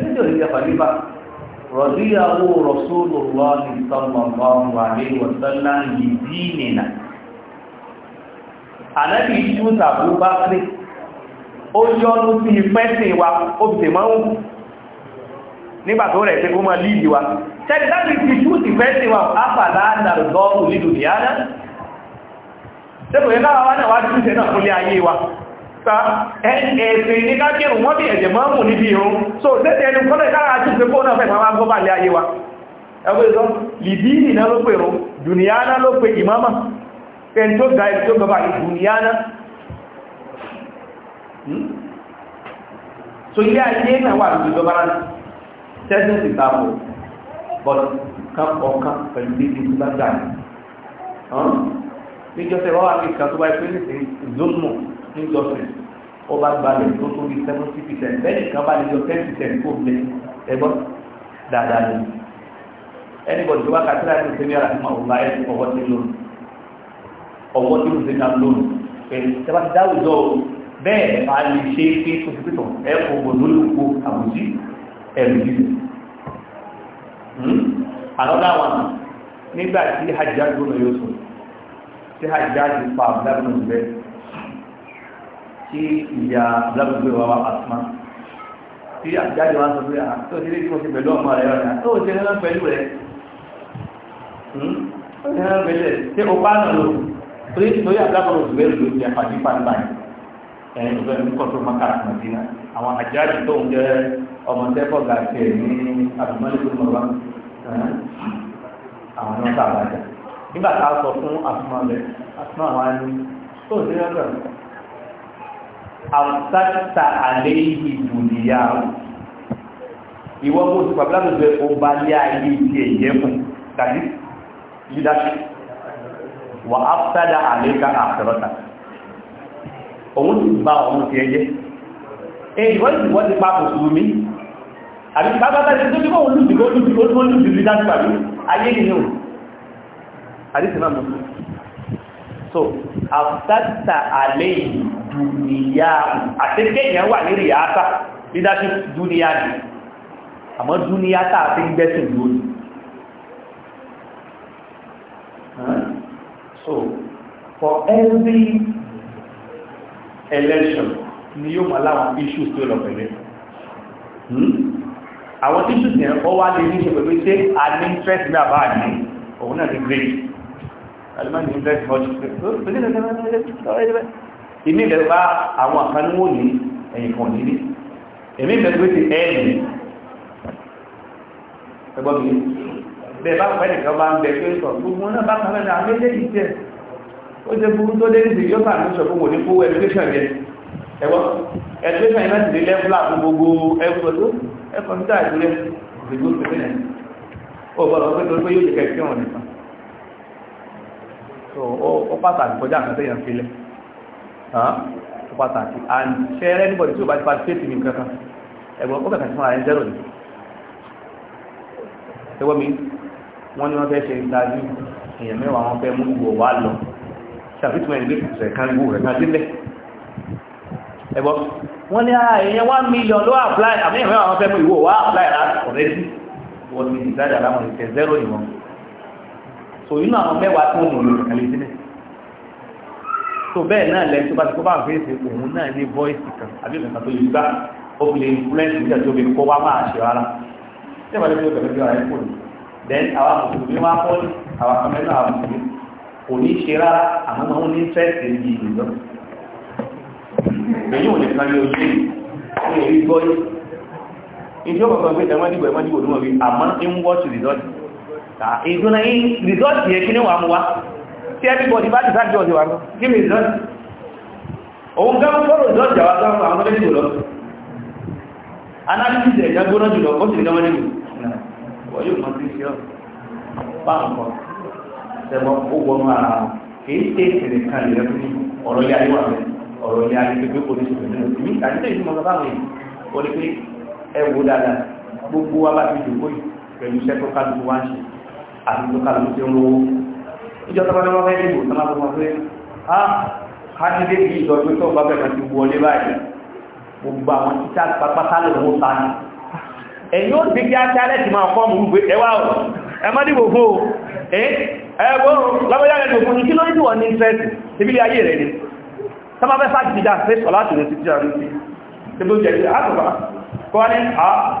nítorí ìjọba nípa rọ̀díyàwó Rasulullahi sallallahu alaihi wa sallam yìí dínìna ànábì ìṣúta Abubakar ó yọ́nú sí ìpẹ́sìn wa ó fi tèmọ́ ń nígbà tó rẹ̀ pé ó máa líìdì wa tẹ́lẹ̀ láti fi ṣúùtì fẹ́sìn wa ápàdá àdàrùdọ́ òlìdù dìánà tẹ́kọ̀ẹ́ lára wá náà wá ṣúùtì náà fúnlé ayé wa ta ẹ̀ẹ̀sìn ní kákírùn wọ́n bí ẹ̀jẹ̀ máa mú níbi ìrún so lẹ́tẹ̀ ẹni kọ́lẹ̀ kára àti ìpé fóònà fẹ́ máa gọ́bà lé ayé wa ẹgbẹ́ ìsọ́ lìdíìnì náà ló pè rún dùnìyàná ló pè ìmámà ẹni tó ga ẹni tó gọba dùnìyàná hmm? so ilé ayé náà wà lójú gọba rán tẹ́sí sí tààbò bọ́t kan ọ̀kan pẹ̀lú bí ibi bá gbà níjọ́sẹ̀ wọ́n wà ní ìkàtúbà ìpínlẹ̀ níjọsìn ọba gbalẹ̀ tó tó bí seventy percent bẹ́ẹ̀ni kan bá lè ten percent kó lé ẹgbọ́n dáadáa ni anybody tó bá ka tíra ẹ̀sìn sẹ́mi àràfíà ọba ẹ̀ ọwọ́ ti lónìí ọwọ́ tí wọ́n ti náà lónìí pẹ̀lú tẹ́wà ti dáwùjọ bẹ́ẹ̀ bá lè ṣe pé tó ti pẹ̀tọ̀ ẹ̀ kò gbọ̀n lórí oko àbùjí ẹ̀rù jíjù àlọ́dà wọn hmm? nígbà tí hajjá tí ìyá lábùgbé wa wá àtúmá tí àjáde wa sọ pé àtúntò ah, tí lẹ́yìn fọ́sí pẹ̀lú ọmọ rẹ̀ ọ̀nà tó ṣe rán pẹ̀lú rẹ̀ hmm? tó ṣe rán pẹ̀lú rẹ̀ tí ó bá náà lò torí torí àdábọ̀ oṣù bẹ́ẹ̀ ló jẹ́ pàdé pàdé ẹ̀yìn ọ̀gbẹ́ ní kọ́tù makara mọ̀dínà àwọn àjáde tó ń jẹ́ ọmọ tẹ́fọ̀ gàtì ẹ̀ ní àmsàtà àlẹ́ ìdùnnìyà ìwọ kò sí pàbílà tó fẹ́ ọba lé ayé ti ẹ̀yẹ́ fún tàbí leadership wà áfẹ́dà àlẹ́ka àfẹ́rọ́ta òun ti gba ọ̀run ti ẹ̀yẹ́ èyí wọ́n ti wọ́n ti pa kò sùn mí àbí bábátá ti tó bí wọ́n lùdìgbò lùdìgbò tó lùdìgbò leadership àbí ayé nìyẹn àdìsí náà mọ̀ so àfẹ́dà àlẹ́ yìí dùnìyà àti kéèyàn wà ní rìáta leadership dúníyà ni àmọ́ dúníyà táà gbẹ́sìn lónìí so for every election ni yóò mọ̀ láwọn issues tó lọ pẹ̀lú hmm? àwọn issues yẹn ó wá lè ní ṣe pẹ̀lú ṣe an interest ní àbá àdé òun náà ti great alimani interest much ìmí ìbẹ̀rẹ̀ bá àwọn àkánúwò ní ẹ̀yìn kan nílé èmi ìbẹ̀rẹ̀ pé ti ẹ̀ẹ̀mì ẹgbọ́n mi bẹ́ẹ̀ bá pẹ́ nìkan bá ń bẹ pé sọ gbogbo náà bá kan lẹ́nu àwọn méjèèjì jẹ́ ó jẹ́ burú tó dé níbi yóò bá mi sọ fún òní fún education yẹn ẹgbọ́n education yẹn láti lè lẹ́fúlà fún gbogbo ẹgbọ́n tó ẹkọ̀ níta ìdúrẹ́ ìdìbò pẹ̀lẹ́ ó gbọ́dọ̀ pé torí pé yóò jẹ́ kẹ̀kẹ́ wọn nìkan ó pàtàkì kọjá àkàtẹ́yàn fi lẹ́ẹ̀ pàtàkì and share anybody tí ó bá ti participate ní nǹkan kan ẹgbọ́n ó kàkà sí fún zero ni ẹgbọ́n mi wọ́n ní wọ́n fẹ́ ṣe interview èèyàn mẹ́wàá wọn fẹ́ mú ìwò wá lọ ṣàfihàn ìgbé rẹ̀ kan gbó rẹ̀ kan sílẹ̀ ẹgbọ́n wọ́n ní ah, èèyàn one million ló apply àmì èèyàn mẹ́wàá wọn fẹ́ mú ìwò wá apply already wọ́n ti ìdájà láwọn ìtẹ̀ zero ìwọ̀n so inú àwọn mẹ́wàá tó ń lò lò kàlẹ́ sílẹ̀ tó bẹ́ẹ̀ náà lẹ́yìn tó bá ti kó bá fèsì òun náà ní voice kan àbí ìrìnkà tó yìí gbá ó fi lè influence nígbà tó fi kó wá máa ṣe rárá tí ìwà lórí ọ̀gbẹ̀rẹ̀ bí ara ẹ̀ kò ní then àwa mùsùlùmí wá pọ́ ní àwa kan mẹ́rin àwa mùsùlùmí kò ní ṣe rárá àmọ́ máa ń ní fẹ́ẹ̀sì ní ìlú lọ èyí ò lè kan ní ojú ní èyí gbọ́ yìí ìjọba kan gbé ẹ̀wọ́n dìbò ẹ̀wọ́n dìbò lómọ̀ rí àmọ́ ń wọ́ sí rìsọ́ọ̀tì tí everybody bá ti sáàjọ́ ọjọ́ wa lọ kí ni ìjọ́ òun gẹ́gẹ́ fọ́rọ̀ ìjọ́ ìjà wa sáwọn àwọn ọmọdé jùlọ analysis ẹ̀yà gbóná jùlọ ó sì lọ́wọ́ nínú wọ́n yóò mọ̀ sí iṣẹ́ báńkọ̀ tẹ́mọ́ ó wọnú ara wọn kì í ṣe ìṣẹ̀lẹ̀ kan lè rẹ́ fún ọ̀rọ̀ ilé ayé wà rẹ̀ ọ̀rọ̀ ilé ayé pé kò ní ṣe pẹ̀lú ìmí àdídé ìtumọ̀ bàbá wọn yìí ó ní pé ẹ wo dáadáa gbogbo wa ìjọba ní wọ́n fẹ́ dìbò sọ́nà tó mọ̀ pé a kádìdé bí ìjọba tó bá bẹ̀rẹ̀ ti wọlé báyìí gbogbo àwọn títà pátá lè mú ta ni ẹ̀yìn ó ti kí á kí alẹ́ ti máa kọ́ mú gbé ẹwà ọ̀ ẹ má dìbò fún o ẹgbọ́n lábọ́yá rẹ̀ lòkún ní kí ló ń dùn wọn ní ìfẹ́ẹ̀tì ibi ayé rẹ̀ ni sábà fẹ́ sáà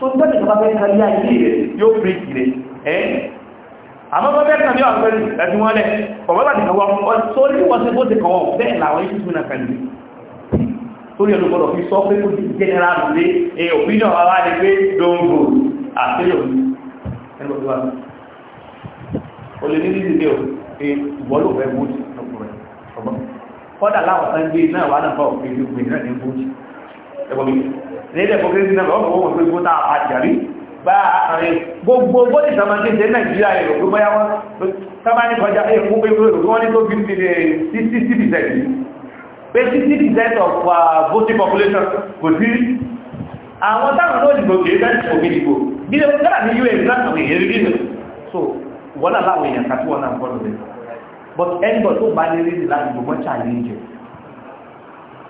tó ń tẹ́lẹ̀ ìjọba fẹ́ kárí ayé rẹ̀ yóò fi kìrẹ̀ ẹ́ àmọ́gbọ́ bẹ́ẹ̀ kan yóò àpẹẹrẹ ẹ̀sìn wọn lẹ̀ ọ̀gbọ́n láti kọwọ́ sórí wọ́n sí bó ti kọwọ́ bẹ́ẹ̀ làwọn yìí tún náà kàlẹ̀ torí ẹ̀lú gbọ́dọ̀ fi sọ pé kó di general lé ẹ̀ òpínà ara rẹ̀ pé dongo àtẹ́yọ̀ olè ní nílé o ẹ ìwọ́lò fẹ́ bóòjì ọkùnrin ọgbọ́n kọ́dà láwọn sáńgbé náà wà náà fọ́ òfin ìlú gbé náà ní bóòjì ẹgbọ́n mi lẹ́dẹ̀ fọ́kẹ́sì náà ọ̀pọ̀ wọn pé gbóná àjàrí bá àárín gbogbo bóde sàmàtí ṣe nàìjíríà èrò pé bóyá wọn sábà ní kọjá èkó pé wọ́n ní tó bí ní sixty percent pé sixty percent of uh, voting population kò sí àwọn táwọn náà dìbò kìí fẹ́ dìbò kìí dìbò bí lè gbára ni us láti àwọn èèyàn rí so wọ́n náà láwọn èèyàn kàtí wọ́n náà gbọ́dọ̀ rẹ̀ but anybody tó bá ní rí láti gbogbo challenge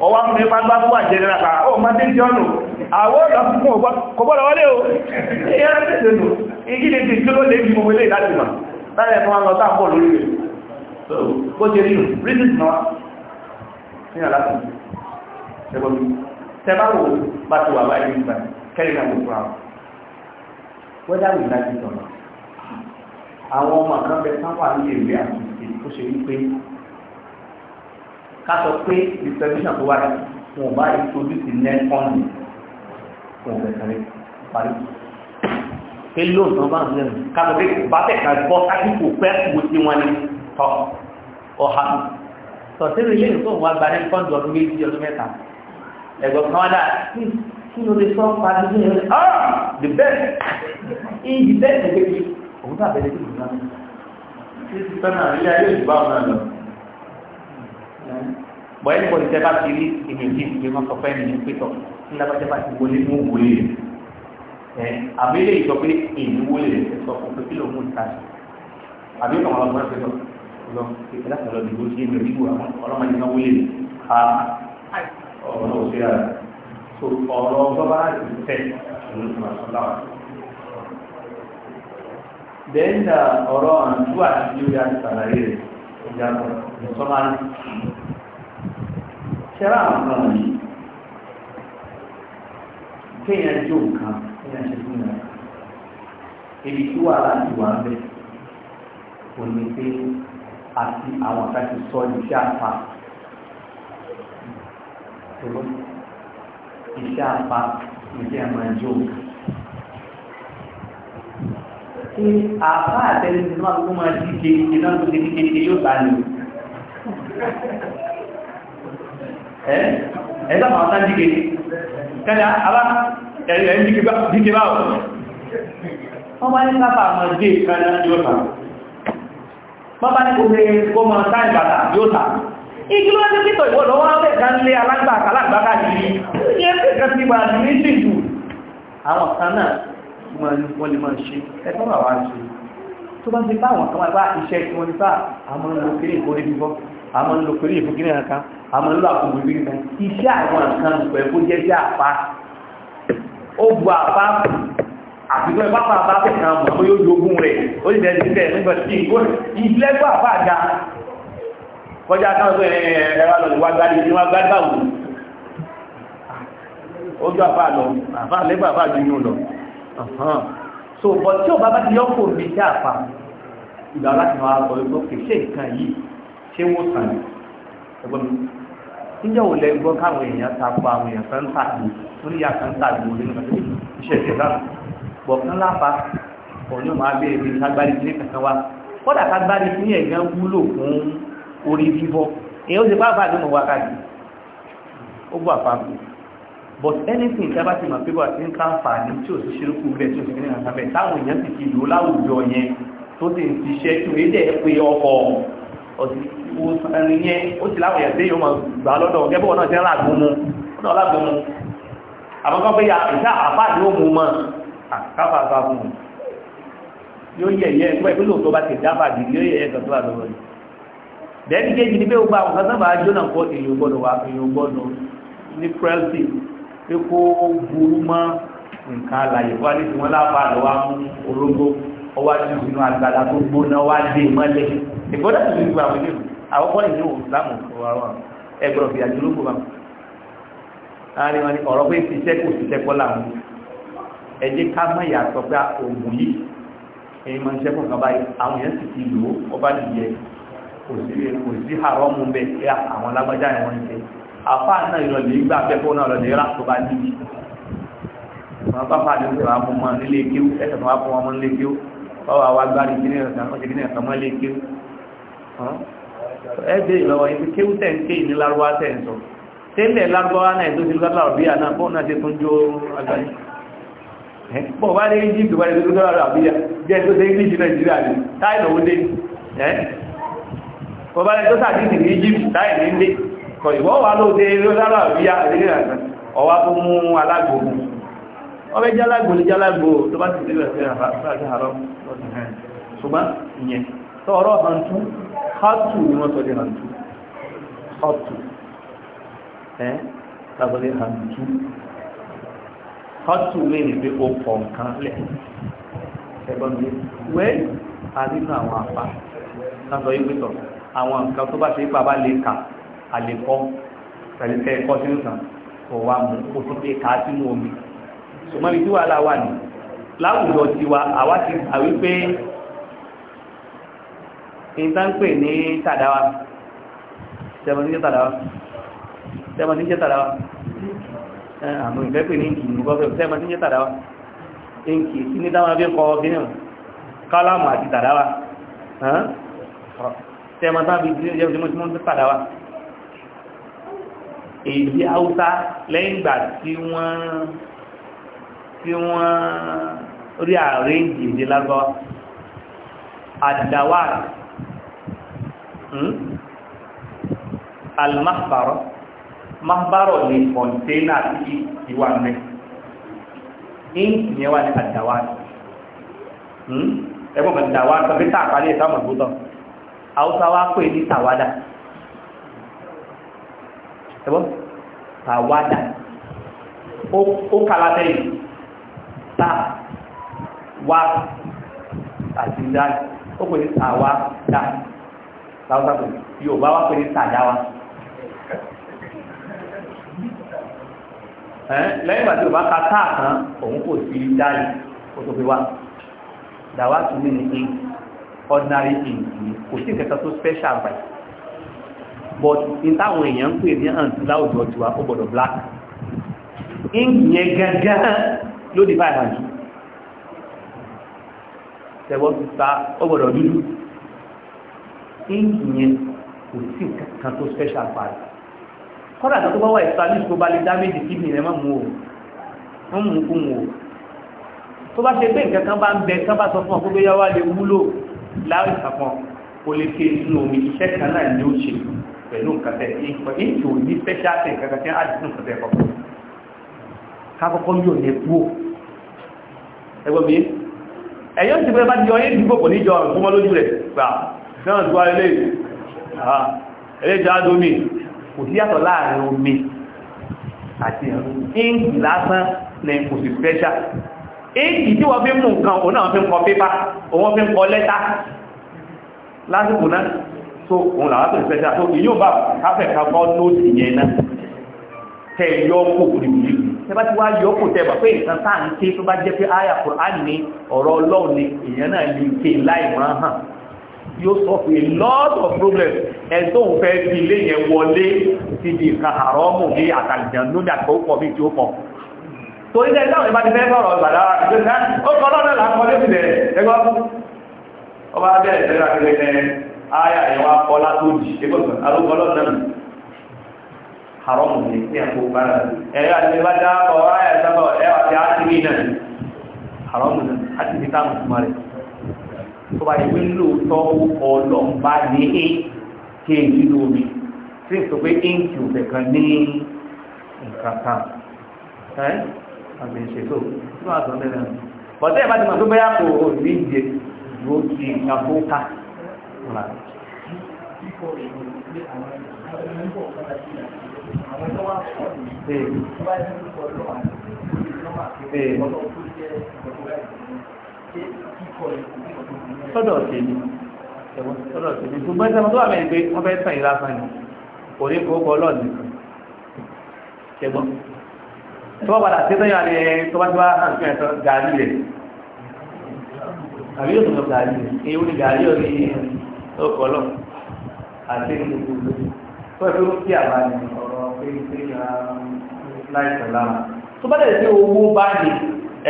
ọwá mú ní pàgbà fún àjẹ́rẹ́ra pa ó má dé jọ nù àwọ́ ọ̀dọ́ fún kòbọ́dọ̀ wọlé o ẹ̀yẹ́ tẹ̀sẹ̀ nù igi lè ti tó lè fi mọ̀wẹ́lẹ̀ láti mọ̀ láti ẹ̀fọn wọn lọ tá pọ̀ lórí rẹ̀ bó ṣe rí nù reasons náà ní àlásì ẹgbọ́n tẹ́báwò bá ti wà báyìí nípa kẹ́rin náà gbogbo àwọn wọ́n dá mi láti sọ̀rọ̀ àwọn ọmọ kan ká sọ pé distribution tó wáyé wọn ò bá introduce net funding fún ọ̀gbẹ̀sẹ̀rẹ̀ parí pé lóòn tán bá ń lẹ́nu ká sọ pé bá tẹ̀ka gbọ́ sákìkò pẹ́ wo tí wọ́n ní tọ́ ọ̀hà tọ̀sílẹ̀ ilé ìfọ̀ wa gba net funding ọdún méjì ọdún mẹ́ta ẹ̀gbọ́n kan wá dà kí ló lè sọ pàdé ní ẹ̀rọ ah the best in the best ẹgbẹ́ yìí òun tàbẹ̀lẹ̀ tó dùn náà bọ̀ ẹni bọ̀dì tẹ́bá ti rí èmi ò tí ìpè wọn sọ fẹ́ nìyẹn pé tọ̀ nígbà tẹ́bá ti wọlé mú wọlé rẹ̀ àbílẹ̀ ìsọ pé èmi wọlé rẹ̀ sọ fún pé kí ló mú ìta àbí ọ̀nà ọlọ́gbọ́n ṣe lọ lọ pé kí láti lọ dìbò sí èmi ò àwọn ọlọ́mọdé náà wọlé rẹ̀ ha ọ̀rọ̀ òṣè uh, rẹ̀ ọ̀rọ̀ bọ́bá ìyàtọ̀ ìsọ́mọ́lì ṣẹ́rà àwọn ọmọ yìí kéèyàn jó nǹkan kéèyàn ṣe fún ìyàtọ̀ ibi tí wà láti wà bẹ́ kò ní pé àti àwọn kan sọ iṣẹ́ àpá iṣẹ́ àpá iṣẹ́ àmàjò nǹkan pé àbá àtẹ́lẹ̀ tó máa kó máa díje iná tó ti díje ṣe yóò bá ní. ẹ ẹ sábà wọn sáà díje kẹ́lẹ́ àbá ẹ̀rí ẹ̀ díje báwọ̀ wọ́n bá ní sábà mọ̀ dé ìkànnà yóò tà wọ́n bá ní kò lè kó mọ̀ sáà ìbàdà yóò tà igi ló ń tẹ́ wọ́n lè máa ṣe ẹ̀tọ́ bà wá ṣe tó bá ti bá àwọn kan wá iṣẹ́ tí wọ́n ní bá àmọ́ ń lo kéré ìfò níbi bọ́ àmọ́ ń lo kéré ìfò kéré nǹkan àmọ́ ń lo àkùnkùn ìbí nǹkan iṣẹ́ àwọn nǹkan pẹ̀ kó jẹ́ sí àpá ó bu àpá àfikún ẹgbà pa àpá pẹ̀ kan mọ̀ yóò jogún rẹ̀ ó lè dẹ̀ síbẹ̀ nígbà tí ìlẹ́gbà àpá àga kọjá táwọn ẹgbẹ́ ẹ̀rọ lọ́wọ́ agbárí ni wọ́n agbárí báwo ó jọ àpá lọ àpá lẹ́gbà àpá jù yún lọ so bọ̀ tí ò bá bá ti yọ́ kò mi sí àpá ìgbà láti máa sọ wípé kì í ṣe nǹkan yìí ṣé wọ́n sàn ní ẹgbọ́n mi níjẹ́ ò lẹ gbọ́ káwọn èèyàn ta pa àwọn èèyàn kan tà ní wọ́n níyà kan tà ní orí nípa iṣẹ́ ìṣẹ̀ náà bọ̀ kán láfa òun yóò máa bẹ̀rẹ̀ bíi kágbárí sí kankan wa kódà kágbárí sí ẹ̀gán wúlò fún orí bíbọ́ èèyàn ó ti bá bá wákàtí ó gbọ́ àpapọ̀ but anything tí a bá ti mọ̀ pé bá ti ń ká àǹfààní tí ò sí ṣerúkú bẹ́ẹ̀ tí ò sí kíní àǹfààní bẹ́ẹ̀ táwọn èèyàn sì ti lò láwùjọ yẹn tó ti ń ṣiṣẹ́ tí òye dẹ̀ pé ọkọ̀ ọ̀sìn yẹn ó ti láwọn èèyàn tí yóò máa gbà lọ́dọ̀ gẹ́gbẹ́ wọn náà ti ń láàgùn mu ó náà láàgùn mu àmọ́kọ́ pé ìṣá àfà ni ó mu mọ́ àkáfà àfà fún un yóò yẹ ẹ̀yẹ ẹgbẹ́ pé lóòótọ́ bá ti dábà dì yóò yẹ ẹ̀yẹ kan tó wà lọ́wọ́ yìí bẹ́ẹ̀ ni kéjì ni pé ó gba pé kó burú mọ́ nǹkan àlàyé wá ní tiwọn láfa lọ wá mú orógbó ọwá ju inú àgbàlá tó gbóná wá dé mọ́lẹ̀ ìgbọ́dọ̀ tó ní gbà wọ́n ní àwọn kọ́ ìlú ìsìlámù ẹgbọ́n fi àjò olóko bá láàrin wọn ni ọ̀rọ̀ pé ìṣiṣẹ́ kò ṣiṣẹ́ kọ́ làwọn ẹ ká mọ̀ ìyàtọ̀ pé òògùn yìí ẹ̀yin máa ń ṣẹ́kọ̀ọ́ kan báyìí àwọn èèyàn sì ti lò ó ọba nìyẹn kò sí àrọ́mú bẹ́ẹ̀ àwọn alágbájá yẹn wọ́n ń ṣe àfá náà ìrọ̀lẹ̀ ìgbà afẹ́kọ́ náà lọ́dẹ̀ rà tó bá níbi wọn bá fà nípa ìwà fún wọn nílé kíw ẹsẹ̀ fún wa fún wọn nílé kíw ọwọ́ àwa gbárí kí ní ẹ̀sán ọ̀sẹ̀ kí ní ẹ̀sán mọ́ nílé kíw ẹ bẹ́ẹ̀ lọ́wọ́ ibi kíw tẹ̀ ń ké ní lárúbá tẹ̀ ń sọ tẹ́lẹ̀ lárúbáwá náà tó ti lọ́dọ̀ àbíyà náà fún náà ti tún jó agbáyé bọ̀ egypt bá ni sọ ìwọ́ wà ló dé lọ́sára àríyá àríyá ọwá tó mú alágbò mú ọmọ ẹjẹ́ alágbò lè jẹ́ alágbò tó bá ti délẹ̀ sí àárọ̀ ṣùgbọ́n ìyẹn tọ́rọ hàntú hàtù ni wọ́n sọ dé hàntú hàtù ẹ́ tàbílé hàntú hàtù lè ní pé ó pọ̀ nǹkan lẹ̀ ẹgbọ́n mi wẹ́ àdínú àwọn àpá láti sọ yí pé tọ̀ àwọn nǹkan tó bá ṣe é pàbá lè kà àlèkọ́ tàbí fẹ́ ẹ̀kọ́ sínú kan kò wá mú kó tó pé ká sínú omi ṣùgbọ́n ibi tí wàhálà wà ní láwùjọ tiwa àwa ti gbà wípé ìtànpè ní tàdáwà tẹ́mọ̀tí jẹ́ tàdáwà tẹ́mọ̀tí jẹ́ tàdáwà àwọn ìfẹ́pẹ̀ ní ìkì ìgbọ́fẹ́ tẹ́mọ̀tí jẹ́ tàdáwà ìkì sí ní dáwọn abẹ́ kọ gínìyàn kálàmù àti tàdáwà tẹ́mọ̀tí jẹ́ tàdáwà èdè haúsá lẹ́yìn ìgbà tí wọ́n tí wọ́n rí àrẹ́ǹdì èdè lágbọ́ àdàwà hmm? almahbaro mahbaro ni kọ̀ntẹ́nà tí ìwà mẹ́ ìyẹn wà ní àdàwà ẹgbọ́n kan dàwà sọ pé tààkàlẹ̀ ìtàmọ̀ gbótọ̀ haúsá wá pè ní tàwádà ẹ̀wọ́ tàwádà ó kàlá tẹ́yìn tá wá àti dá ó pè ní tàwádà láwùsá pè yóò bá wá pè ní tàdáwá lẹ́yìn ìgbà tí ò bá ka táà kan òun kò sí dáì ó tó fi wá dàwá tún ní ní ordinary ink kò sí ìkẹta tó special báyìí but in táwọn èèyàn ń pè ní àǹtí láwùjọ tiwa ó gbọ́dọ̀ black ink yẹn gangan ló di five hundred tẹ̀wọ́ ti ta ó gbọ́dọ̀ dúdú ink kò sí kankan tó special part. kọ́dà tó bá wà ìsàlẹ̀ tó bá lè dáméjì kidney rẹ̀ mọ́ mu o wọ́n mú kú mu o tó bá ṣe pé nǹkan kan bá ń bẹ kán bá sọ fún ọ pé bóyá lè wúlò láwùjọ kan kò lè ké inú omi iṣẹ́ kan náà ni ó ṣe pẹ̀lú nǹkan tẹ́ ìpọ̀ èyí ò ní special thing kankan tí a dìtún nǹkan tẹ́ kọ́kọ́ kákọ́kọ́ yóò lè kú ẹgbọ́n mi ẹ̀yọ́ ti fẹ́ bá jọ yé dìbò kò ní jọ ọ̀rùn fún lójú rẹ̀ gbà náà tó wá ilé ẹlẹ́jà domi kò sí yàtọ̀ láàrin omi àti ẹ̀rùn lásán lè kò sí special èyí tí wọ́n fi mú nǹkan so òun làwọn tó ń fẹ́ sáà tó kì yóò bá afẹ́ka kọ́ nóòtì yẹn náà tẹ yọ kó kùrìkùrì tẹ bá ti wá yọ kó tẹ bà pé nǹkan tá ń ké tó bá jẹ́ pé àyà kò á ní ọ̀rọ̀ ọlọ́run ni èèyàn náà lè ké láì máa hàn yóò sọ fún a lot of problems ẹ̀tọ́ òun fẹ́ fi ilé yẹn wọlé ti di nǹkan àrọ́mù ní àtàlìjàn lónìí àtàkọ́ pọ̀ mí tí ó pọ̀ torí jẹ́ ìdáhùn ìbá ti fẹ́ sọ̀rọ̀ ìbàdá ó kọ́ lọ́nà làkọ́ lé áyà ẹ̀ wá kọ́ látòjì ẹgbẹ̀gbẹ̀ arúgbó náà haram ní ní àpò bára ẹ̀rẹ́ àti bá dá ọ̀ áyà ẹwà tí a ti rí náà haram náà a ti fi táwọn fún rẹ̀ tó bá yẹ pé lóòótọ́ ọlọ́mbá ní é kéèjì lómi tí n sọ pé éǹkì òfẹ́ kan ní nǹkan kan ẹ́ àgbè ìṣètò tí wọ́n á sọ lẹ́nu bọ̀dẹ́ ìbá ti mọ̀ tó bẹ́yà kò ní ìdíje ló ti nǹkan ká sọ́dọ̀ tèmi ẹ̀wọ̀n sọ́dọ̀ tèmi ṣùgbọ́n ẹ̀sẹ̀ tó wà mẹ́rin pé wọ́n fẹ́ sàn ìlà fún ẹ̀ kò ní kó kọ́ lọ́ọ̀dì ṣẹgbọ́n tó wọ́n padà sí sẹ́yìn àti ẹ̀ tó bá ti wá gàrí rẹ̀ àbí yóò tó gàrí rẹ̀ èyí ó ní gàrí ọ̀rí ọpọlọ àti gbogbo pẹ̀lú kí àbáyé ọ̀rọ̀ pínpín láìpẹ́ lára tó bá dẹ̀ sí owó bá ní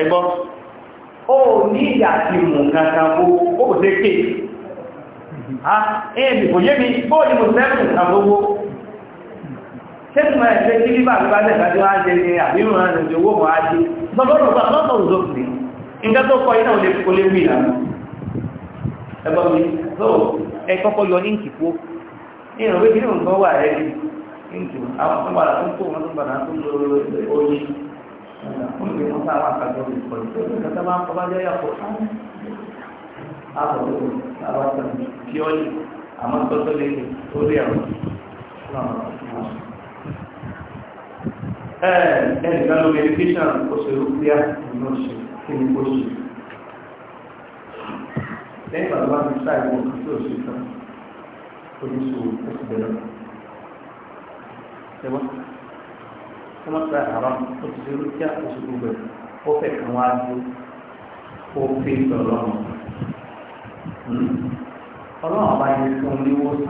ẹgbọ́ ó ní ìyà ti mú kankan ó kò tẹ́ kéè ẹ̀yẹ̀ kò yé mi bóòlì mo sẹ́kùn kan gbogbo sẹ́kùn ẹ̀ṣẹ́ kí bí bá gbá lẹ́gbàájú wá jẹ ní àbírùn rán ní owó mọ̀ ájí lọ́gbọ́n ẹ kọ́kọ́ yọ ní ìkìkú ní ìrọ̀wé kí ní òǹkọ́ wà rẹ̀ ní ìkìkú àwọn tó padà tó ń kó wọn tó padà tó ń lo oyin wọn lè wọn sáwọn àkàtọ́ lè kọ́ ìtọ́ ìkàtà máa ń kọ́ bá jẹ́ yàtọ̀ àbọ̀ àwọn àtàn kí ọ́ lè àmọ́ tọ́tọ́ lè lè tó rí àwọn ẹ̀ẹ́dẹ̀gbẹ́ lórí education òṣèlú clear ìmọ̀ òṣèlú kí ni kó ṣe lẹ́yìn ìgbà tó bá ti ṣáà ìwọ̀n tó tó ṣe tán ó ní sùn ó sì bẹ̀rẹ̀ ẹ̀wọ́n tó máa ta àrà ó ti ṣe lókè àkóso gbogbo ẹ̀ ó fẹ́ kàn wá ju ó fi sọ̀rọ̀ ọlọ́run ọba yẹn fún un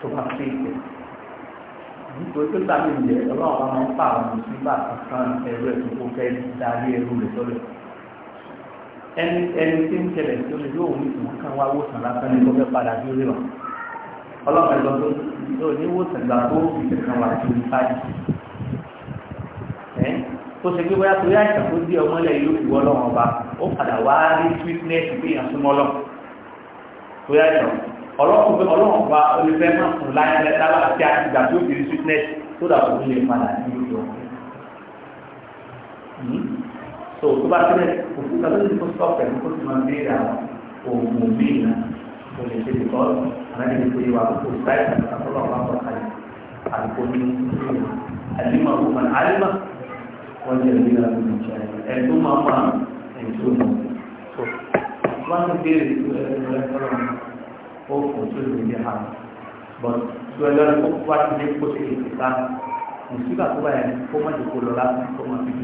tó bá fi ìpè nítorí pé tàbí ìjẹ ọlọ́run ọba máa ń pààrọ̀ nígbà kankan ẹ̀rọ ẹ̀ tó kó fẹ́ darí ẹrú rẹ̀ sọ́lẹ̀ ẹni ẹni tí ń ṣẹlẹ̀ tí ó lè yóò ní ìwọ̀n kan wá wòsàn lásán ní kọ́kẹ́ padà bí ó lè wà ọlọ́pàá ìjọ tó yóò ní wòsàn gbà tó ìṣẹ̀ kan wà tó ní báyìí ẹ tó ṣe pé bóyá torí àìsàn tó dé ọmọ ilẹ̀ yìí ó fi wọ́ lọ́wọ́ ọba ó padà wá rí sweetness pé èèyàn súnmọ́ lọ torí àìsàn ọlọ́kùnrin ọlọ́run ọba olùfẹ́ máa fún láyé lálàáfíà ìgbà So tó bá sílẹ̀ òfin kan tó ti kó sọ pẹ̀lú kó ti máa béèrè àwọn oògùn míì náà kò lè ṣe lè kọ́ àlẹ́ ní ìpele wa kò sáì àtàkọ́lọ́ wa kọ́ àlẹ́ àlùkò ní àlìmọ̀ òkùnmọ̀ àlìmọ̀ wọ́n jẹ́ ìlú ìlànà ìjọ ẹ̀dùn máa máa ẹ̀dùn mọ̀ tó wọ́n ti béèrè ìlú ó kò tó lè ní ha but tó ẹlẹ́rìí kó wá ti dé kó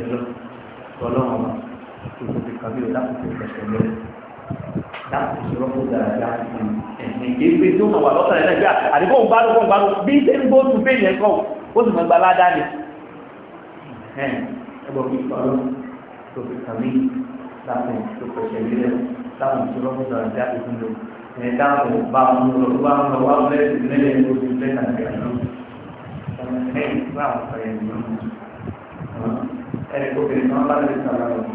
ṣe tọ́lọ́run wa ètò ìkàwé láti fi ẹsẹ̀ lẹ́yìn láti fi rọ́pò dáadáa fún ẹ̀sìn ìgbé tó mọ̀ wà lọ́sàn ẹ̀lẹ́gbẹ́ àdìgbò ń gbárù fún gbárù bí i tẹ́lú bóòtù bẹ́ẹ̀ yẹn kan ó sì mọ̀ gba ládàá ni ẹgbọ́n fi tọ́lọ́ tó fi kàwé láti fi ẹsẹ̀ lẹ́yìn láti fi rọ́pò dáadáa fún lọ ẹ̀dáàbò bá ń lọ bá ń lọ wá lẹ́sìn lẹ́yìn tó fi lẹ́sàn ẹni tó bèrè náà bá lè sàrà rẹ̀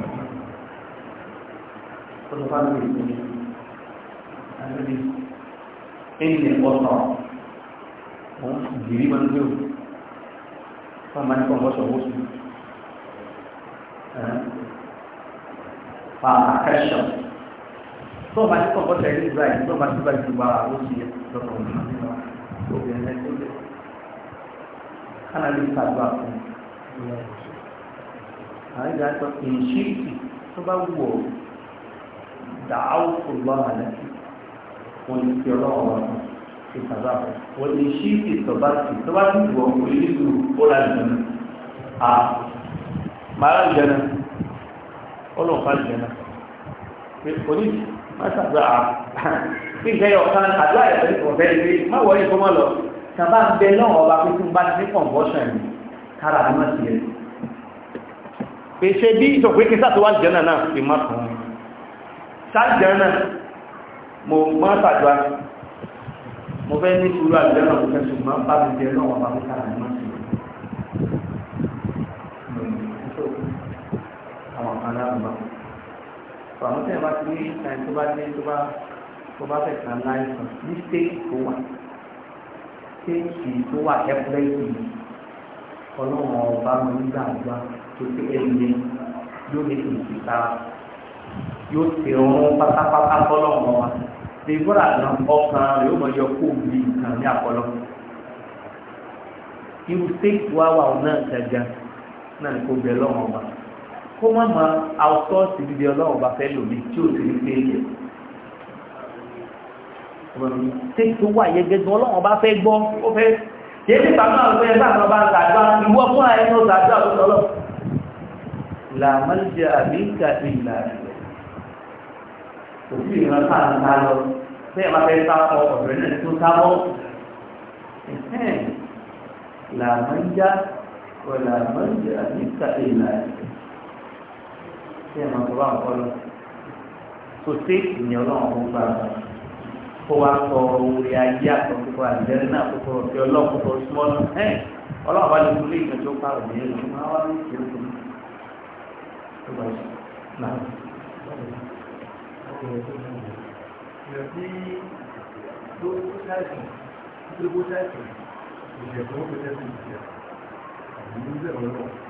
tó tó bá lè sàrà àlejò ẹ̀yìn ọ̀tọ̀ òun gírí máa ń gbé òun wọ́n máa ń kọ́ ọ̀gbọ́sọ̀ owó sùn fa akẹ́ṣọ̀ tó o bá ti kọ́ ọ̀gbọ́sọ̀ ẹ̀rí ìgbà yìí tó o bá ti gbà ju bá owó sí ẹ̀ lọ́tọ̀ òun nígbà tó o tó lẹ̀ kánà lè ta fún un àwọn ìjà sọ èyí tó bá wù ọ́ dàáwù kò lọ́ àlàkì wọn ni fi ọlọ́wọ́ wọn ti sábà wọn ni ṣí ti sọ̀bá ti tó bá ti wù ọ́ kò ní lù ó ra ìjọba à máa ra ìjọba ọlọ́ọ̀fà ìjọba oní má sàgbà à bí ìjẹ́ yọ àdúrà ẹ̀fẹ́ ìfọ̀fẹ́ ìwé má wọlé kó mọ́ lọ tàbá ń bẹ lọ́wọ́ ọba pé bá ti ní kọ̀ǹbọ́ṣọ̀ yìí kára àdúrà ti yẹ pé ṣe bí ìṣòkú kí sáà tó wá jẹ́ náà fi má fún un sáàjẹ́ náà mo má sàjọ́ mo fẹ́ ní ìṣúra àjẹ́ náà mo fẹ́ ṣùgbọ́n bá mi jẹ náà wà bá mi kára ní má sí àwọn kan náà mọ̀ fàmú tẹ̀ bá ti ní ìṣàn tó bá ní tó bá tó bá fẹ̀ kàn láìsàn ní stéèkì tó wà stéèkì tó wà ẹ́pẹ́ẹ́kì ọlọ́run ọba mi nígbà àdúrà tó ti ẹ̀yẹ yóò ní ìsìta yóò ti ọrùn pátápátá fọlọ́run ọba dèbúrà náà ọkàn rẹ̀ ó mọ yọ kó bí nǹkan ní àkọlọ irú séèkì wá wà ó náà gàgà náà ní kó bẹ lọ́wọ́ ọba kó má ma àwòsọ́ọ̀sì dídí ọlọ́run ọba fẹ́ lòdì tí ò sì ní séèkì séèkì tó wà yẹ gẹ́gẹ́ ọlọ́run ọba fẹ́ gbọ́ ó fẹ́ kìí ti bàbá àwọn ẹgbẹ́ àwọn ọba àgbàdo ìwọ fúnra ẹni ó sàdó àbúrò lọ. làmọ́jẹ àbíkà ìlà rẹ̀ òbí ìran sáà ń ta lọ bẹ́ẹ̀ máa fẹ́ sá ọ ọ̀rẹ́ náà tó sábọ́. làmọ́jẹ ọ̀làmọ́jẹ àbíkà ìlà rẹ̀ bẹ́ẹ̀ kó wa sọ orí ayé àtọ̀tọ̀ àdìrẹ́ náà kó sọ̀rọ̀ sí ọlọ́run kó sọ̀rọ̀ súnmọ́ náà ẹ̀ ọlọ́run bá lè fún lé ìtọ́jú pa òní ẹ̀rọ tó máa wá ní ìṣẹ̀lẹ̀ tó ní. Ìrọ̀lẹ́ ló kó sáìsì, ló kó sáìsì, ìjẹ̀bù ó kó sáìsì ìjẹ̀bù, àbí ó bẹ̀rẹ̀ ọlọ́run.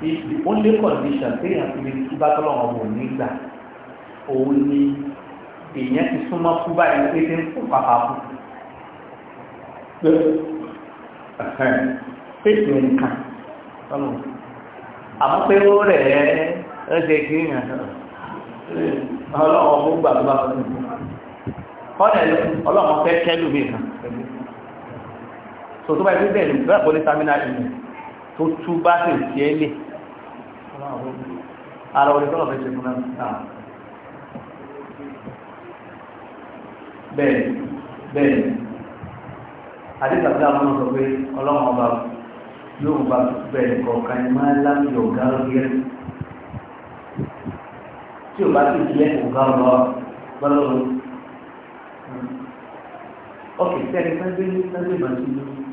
the only condition téèyàn fi lè túbá tọ́lọ́wọ́ wò nígbà òun ni èèyàn ti súnmọ́ kú báyìí pé tí ń kó pàpà kú pèsè nǹkan tọ́lọ́ àmọ́ pé ó rẹ̀ ẹ́ ṣe kí èèyàn ọlọ́wọ́ ó gbà tó bá fọ́ kọ́nà ọlọ́wọ́ fẹ́ kẹ́lù mi kan tó tó bá yẹ kó bẹ́ẹ̀ ni bẹ́ẹ̀ kó ní stamina ìlú tó túbá sì ń tiẹ́ lé ara orí tọ́lọ̀ fẹ́ ṣe fún náà bẹ́ẹ̀ bẹ́ẹ̀ adétàbí àwọn ọmọ sọ pé ọlọ́run ọba yóò bá bẹ̀rẹ̀ kọ̀ọ̀kan máa láti ọ̀gá rẹ̀ tí o bá ti di ọ̀gá ọ̀gá gbọ́dọ̀ ọkè tẹ́lẹ̀ sẹ́gbẹ́ sẹ́gbẹ́ ìbànújẹ́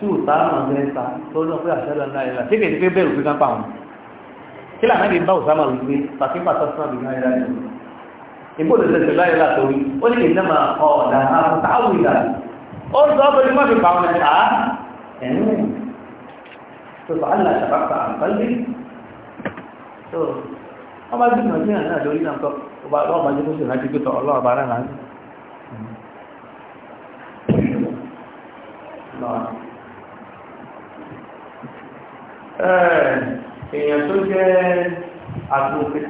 tí ò sáà mọ̀ mẹ́ta tó lọ pé àṣẹ́lọ náírà tí kèsì pé bẹ́ẹ̀ òfin kápá wọn kí lànà bí bá òsámà wípé pàtípà tọ́sán bí náírà ní ìbò lè tẹ̀sẹ̀ láìlá torí ó ní ìdá máa kọ ọ̀dà àkọta àwùjá ó sọ ọ́ pẹ̀lú mọ́fì pa ọ̀nà ṣáá ẹ̀rùn tó sọ àlà ṣàpàpà àǹfààní tó wọ́n bá gbìyànjú ní àná Eh, èèyàn tó jẹ́ àtúnṣe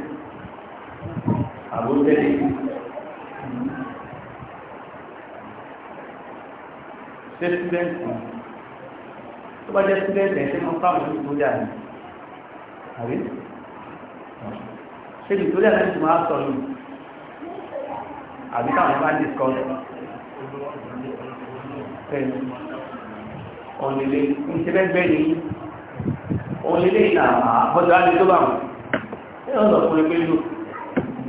àbúntẹ́lẹ̀ ṣe sílẹ̀ǹtì tó bá jẹ́ sílẹ̀ǹtì ẹ̀ṣẹ́ mọ́ fáwọn ìgbójà ní àrí ṣe ìgbójà ní ìtumọ̀ àtọ̀ ní àbí káwọn bá ní kọ́ ọ̀nìlẹ̀ ń ṣe bẹ́gbẹ́ òun lè léyìn àwọn àpọ̀jọ́ alẹ́ tó bá wọn ní ọ̀sọ̀ fún ẹgbẹ́ lò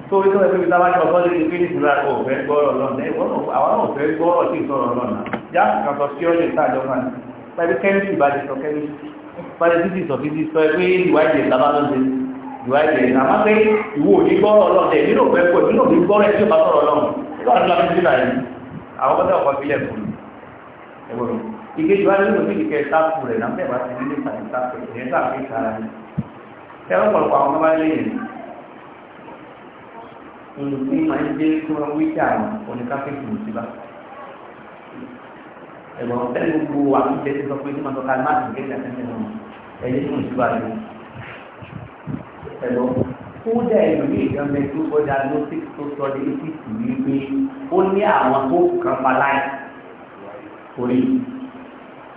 tó rí tó ẹgbẹ́ tá bá ní ọ̀sọ́ lè fi ní ìsinmi àwọn òfẹ́ gbọ́rọ̀ lọ́nà àwọn òfẹ́ gbọ́rọ̀ sí ìsọ̀rọ̀ lọ́nà já kan sọ sí ọ́lẹ̀ táàjọ máa ní pẹ̀lú kẹ́míkì bá ti sọ kẹ́míkì bá ti títí sọ fi ti sọ pé ìwádìí ìlàbá lọ́dẹ ìwádìí àmọ́ pé ìwò òní gbọ́rọ̀ lọ́dẹ nínú òfẹ́ pọ̀ nínú òní gbọ́rọ̀ ẹ̀sìn bá sọ̀rọ̀ lọ́nà ìkejì wa nínú òbí ìkẹ́ sáàpù rẹ̀ náà bẹ́ẹ̀ bá ti nílé ìpàdé sáàpù rẹ̀ ní sáàpù ìtara ni ẹ̀rọ pọ̀lọpọ̀ àwọn ọmọ ilé yẹn nǹkan máa ń gbé kí wọ́n wíjà àwọn oníkàfẹ́kì mùsíbà ẹ̀gbọ́n tẹ́lẹ̀ gbogbo àtúnṣe ti sọ pé ní màtọ́ka má ti gbé ìdàkẹ́sẹ̀ náà ẹ̀yẹ fún mùsíbà rẹ̀ ẹ̀gbọ́n kódà ìlúmí ìjọba ẹgbẹ́ kọjá lọ́sí tó sọ ní apc wípé ó ní àwọn tó kàn pa láì orí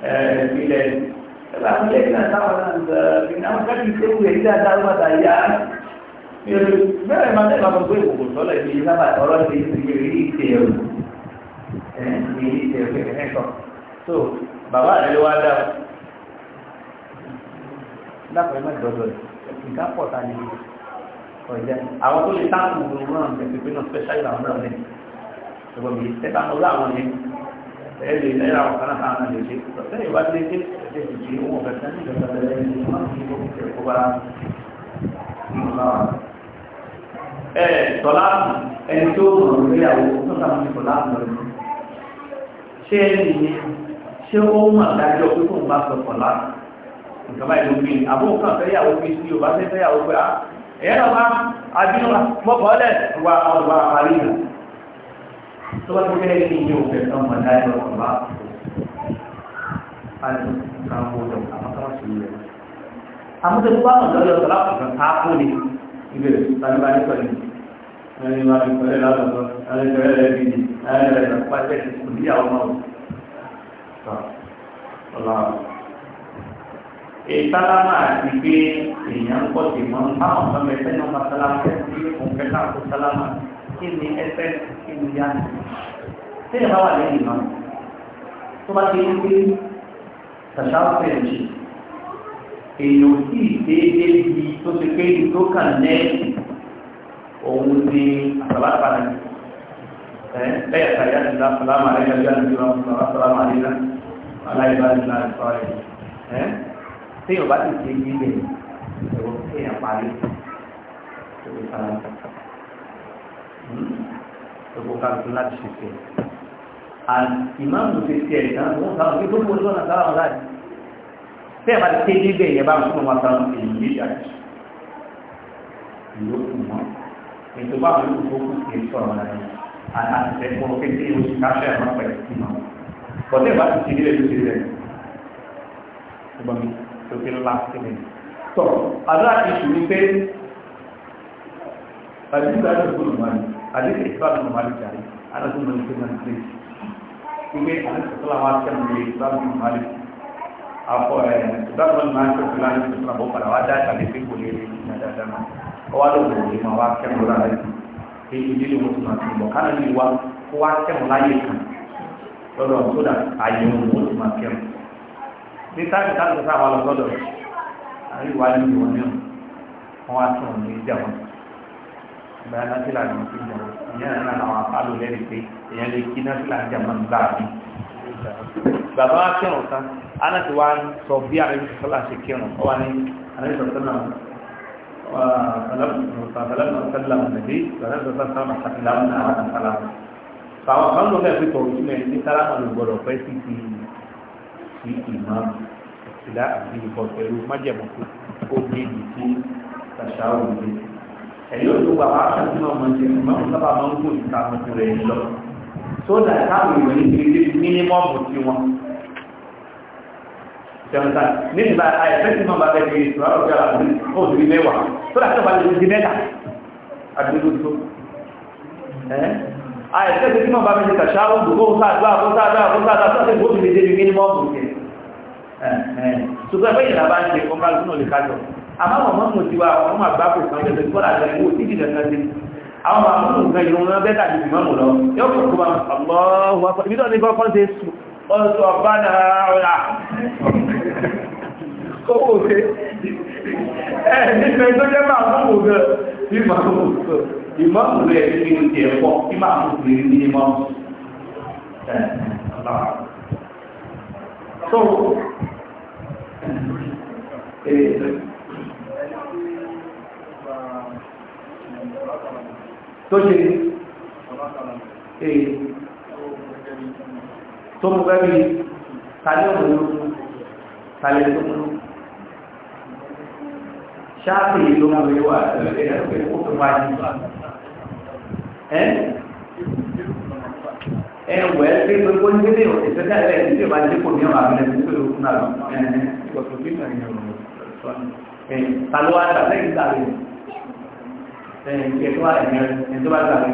ìpìlẹ̀ ìpìlẹ̀ náà táwọn náà ń sọ ìpìlẹ̀ àwọn káàkiri tó wù èyí dáadáa ló bàtà yá bẹ́ẹ̀ máa tẹ́lẹ̀ máa gbé ìwòkò sọ́lẹ̀ ní sábà ọ̀rọ̀ ti ti rí ìtẹ̀ ẹ̀rù ní ìtẹ̀ ẹ̀rù kẹ̀kẹ́ sọ so bàbá rẹ̀ ló wá o dápọ̀ ẹ̀ má dọ̀dọ̀ ìka pọ̀ ta ni ọ̀jẹ̀ àwọn tó lè táàkù òun náà ń bẹ̀rẹ̀ pé náà special àwọn náà lẹ̀ ṣùgbọ́n mi tẹ́ta mọ́ ẹ̀ẹ́dì náírà ọ̀kan náà náà lè ṣe lọ́sẹ̀ ìwà tí lè ṣe ìṣe owó ọ̀fẹ́ sẹ́ni ìjọba tẹ̀lé ní wọ́n ti kó kẹ̀ kó bára ẹ̀ tọ́lá ẹni tó mọ̀ lóríyàwó tó sàmù ní tọ́lá mọ̀ lórí ṣé ẹni ni ṣé ó mọ̀ dájọ́ pé kò ń bá sọ tọ́lá nǹkan báyìí ló gbé àbúrò kan fẹ́yàwó gbé sí Yorùbá fẹ́yàwó pé ẹ̀yẹ́ náà bá abínú mọ́kànlẹ̀ wà ọ̀gbà tó bá ti fẹ́ kí iye òfẹ́ tán mọ̀ láì lọ kọ̀ bá àti káwọ́ ọ̀dọ̀ àmọ́káwọ́sì rẹ̀. àmọ́tò tó bá mọ̀ lọ́dọ̀ ọ̀dọ̀ lápapọ̀ káàkó ni ibẹ̀ tàbí báyìí pẹ̀lú ẹni máa fi pẹ̀lú látọ̀tọ̀ ẹni pẹ̀lú rẹ̀ bí ẹni rẹ̀ lọ pàṣẹ kò ní àwọn ọmọ ọ̀la ìtàlámà àti pé èèyàn pọ̀ sí sálámà kí ni ẹgbẹ́ kí ni yá ni tí ìyá wà lẹ́yìn náà tó bá ti ń gbé tàṣàfẹ́ jù èèyàn sì déédé di tó ti pé tó kà nẹ́ẹ̀sì òun ni àtàlápàdé bẹ́ẹ̀ àtàyà ti dá sàlámà rẹ̀ lọ́jọ́ àti ìwà sàlámà rẹ̀ náà aláìbáyé náà sọ rẹ̀ tí ìyá bá ti ṣe gbígbé ẹ̀rọ kéèyàn parí tó ti sàlámà gbogbo kálukú láti ṣe fẹ́ ìmáàmù ṣe ti ẹ̀ náà wọ́n sáwọn kí gbogbo ojú ọ̀nà sáwọn láti tẹ́ bá ti tẹ́ níbẹ̀ yẹn bá ń fún wọn sáwọn èyí méjì àti ìlú òkú mọ́ ètò bá wọn kó kó kì í sọ̀rọ̀ náà àti àtẹ̀kọ́ kékeré oṣù káṣẹ́ àwọn pẹ̀lú ìmọ̀ bọ́tẹ́ bá ti ti àdéhùn ìfúráàlú màálùkì àrí adágún mọ̀ ní pé Ini ń tẹ̀lé ìwé àdéhùn àwáṣẹ́ mi ìfúráàlú màálùkì afọ ẹ̀ ìfúráàlú màálùkì ọ̀gbìn láti fi fúnra bó padà wá dá àtàlẹ́ pé kò lè rí ìrìn àdáadáa náà ọwá ló wò lè máa wá kẹ́mù lára ẹ̀ pé ilé ló wọ́n ti máa tún bọ̀ kánà ní wa kó wá kẹ́mù láyé ìgbà náfìlà ní ti jẹun ìyẹn náà làwọn afálò lẹ́rìí pé èèyàn lè kí náfìlà ń jẹun nígbà mi. bàbá wa kírun tán ana ti wá sọ bí àrẹ́bí sọ́lá ṣe kírun ọ wá ní àrẹ́bí sọ́lá فلما سلم النبي فلما سلم سلمنا على سلام فهو كان له في توجيه من سلام البرو فيسي في في إمام لا أبدي بطلو ما جمعه كل يجي تشاور به ẹ̀yọ́ tó wà wá ṣàtì máa mọ̀ ṣe máa ń sábà máa ń kó ìta tuntun rẹ̀ lọ tó dà táwọn ìwé ní ti dé mínímọ́ọ̀mù tí wọn. jẹ̀mọ̀tà nígbà àìfẹ́sì máa bá bẹ́ẹ̀ di ìṣúra ọ̀gá àbúrò ó ti mẹ́wàá tó dà tó bá lè di mẹ́ta àdúgbò tó. àìfẹ́sì tí máa bá bẹ́ẹ̀ di kàṣáwó gbogbo sáàdúrà fún sáàdúrà fún sáàdúrà àmọ́ mọ́ mọ́ ti wá àwọn ọmọ àgbákò kan jẹ́ lọ́dún kọ́lá lẹ́yìn owó tíjì lẹ́sẹ̀ sí àwọn àmúlù nǹkan ìrún wọn bẹ́ẹ̀ tàbí ìmọ̀ mọ̀ lọ yóò kọ̀ kọ́ máa ọlọ́wọ́ afọ ibi kọ́kọ́ ṣe ọ̀sọ̀ So, eh, tó ṣe èyí tó mú bẹ́ bí tàbí ọ̀rọ̀ lókun tàbí tó mú ṣáàpì ló mú ilé wà tẹ̀lé ẹgbẹ́ ó fi wá ní ẹ́ ẹ̀wẹ̀ pé gbogbo nílé ìṣẹ́jà ilẹ̀ ìdílé máa dé kò ní ọ̀rọ̀ àbílẹ̀ tó pé lókun náà lọ ẹ̀ẹ́ ìgbọ̀tọ̀ bí mẹ́rin ẹ̀ ìkẹ́ tó wà lẹ́yìn ẹni tó bá gbà mí.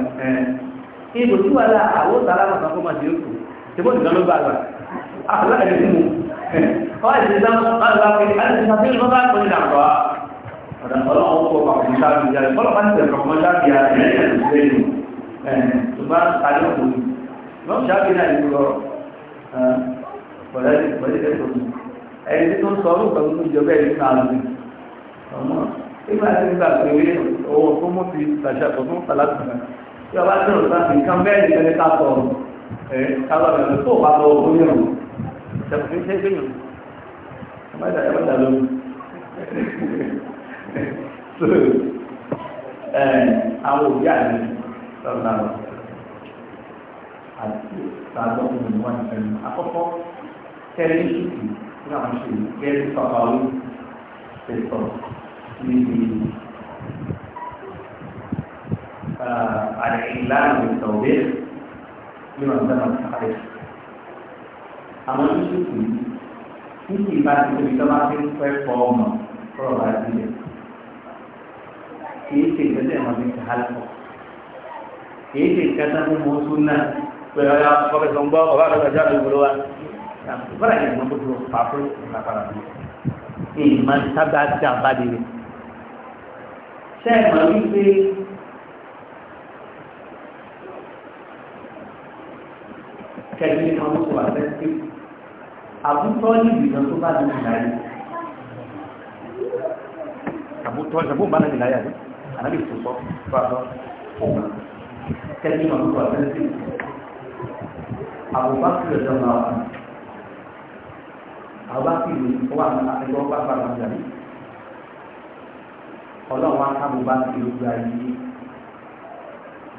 ibò tí wàhálà àwọn sàrà màkà kó máa ti rúkù tìbó nìkan ló gbà gbà àfọlá ẹni tí mo ọ àti ìdá máa gbà pé àti ìdá tí mo bá kọ́ ní àgbà ọ̀dà ọlọ́run kó pa òun sáà fi jáde bọ́lá pàṣẹ ìfọ̀kọ́ sáàbì àti ẹ̀yìn ìgbẹ́yìn ṣùgbọ́n tàbí òkùnrin wọ́n sáàbì nígbà tí nígbà tó rí owó tó mú ti tàṣà tó fún sàlátì náà tí ọba tí òun sáà nǹkan bẹ́ẹ̀ ní ẹni ká sọ ẹ kálọ̀ rẹ̀ tó bá lọ owó yẹn o ṣẹ̀kùn ní ṣẹ́ṣẹ́ yìí ẹ má dàgbà dà lóru so ẹ àwọn òbí àná sọ̀rọ̀ náà àti sàdọ̀ ọ̀hún ni wọ́n ti fẹ́ mi àkọ́kọ́ kẹ́rin ṣùkú ní àwọn ṣe kẹ́rin sọ̀rọ̀ في الإعلان والتوضيح لما ذكر التعريف àwọn oníṣòwò níbi ìbáṣe tóbi tó bá fi ń pẹ́ pọ̀ ọmọ kọ́rọ̀ bá sílẹ̀ kìí ṣe ìtẹ́lẹ̀ wọn ní ṣàlùkọ́ kìí ṣe ìkẹta fún mọ́ tún náà pé ọ̀yà ọbẹ̀ tó ń gbọ́ ọba àgbàgbà jáde ìgbòho wa bọ́lá ìgbìmọ̀ tó tó pa fún ìgbà sẹ́ẹ̀mà wípé kẹ̀lé kan ló wà lẹ́sẹ̀ àbútọ́ níbi ìdán tó bá ní ìdáyé àbútọ́ ìṣàbó bá ní ìdáyé àbí ànábì tó sọ tó àtọ́ òun kẹ̀lé kan ló wà lẹ́sẹ̀ àbúbá sí ọjọ́ máa wà àbúbá sí ìlú ó wà ní àtẹ́gbọ́ bá bá bá bá ọlọ́run wa ká bùbá ti lójú ayé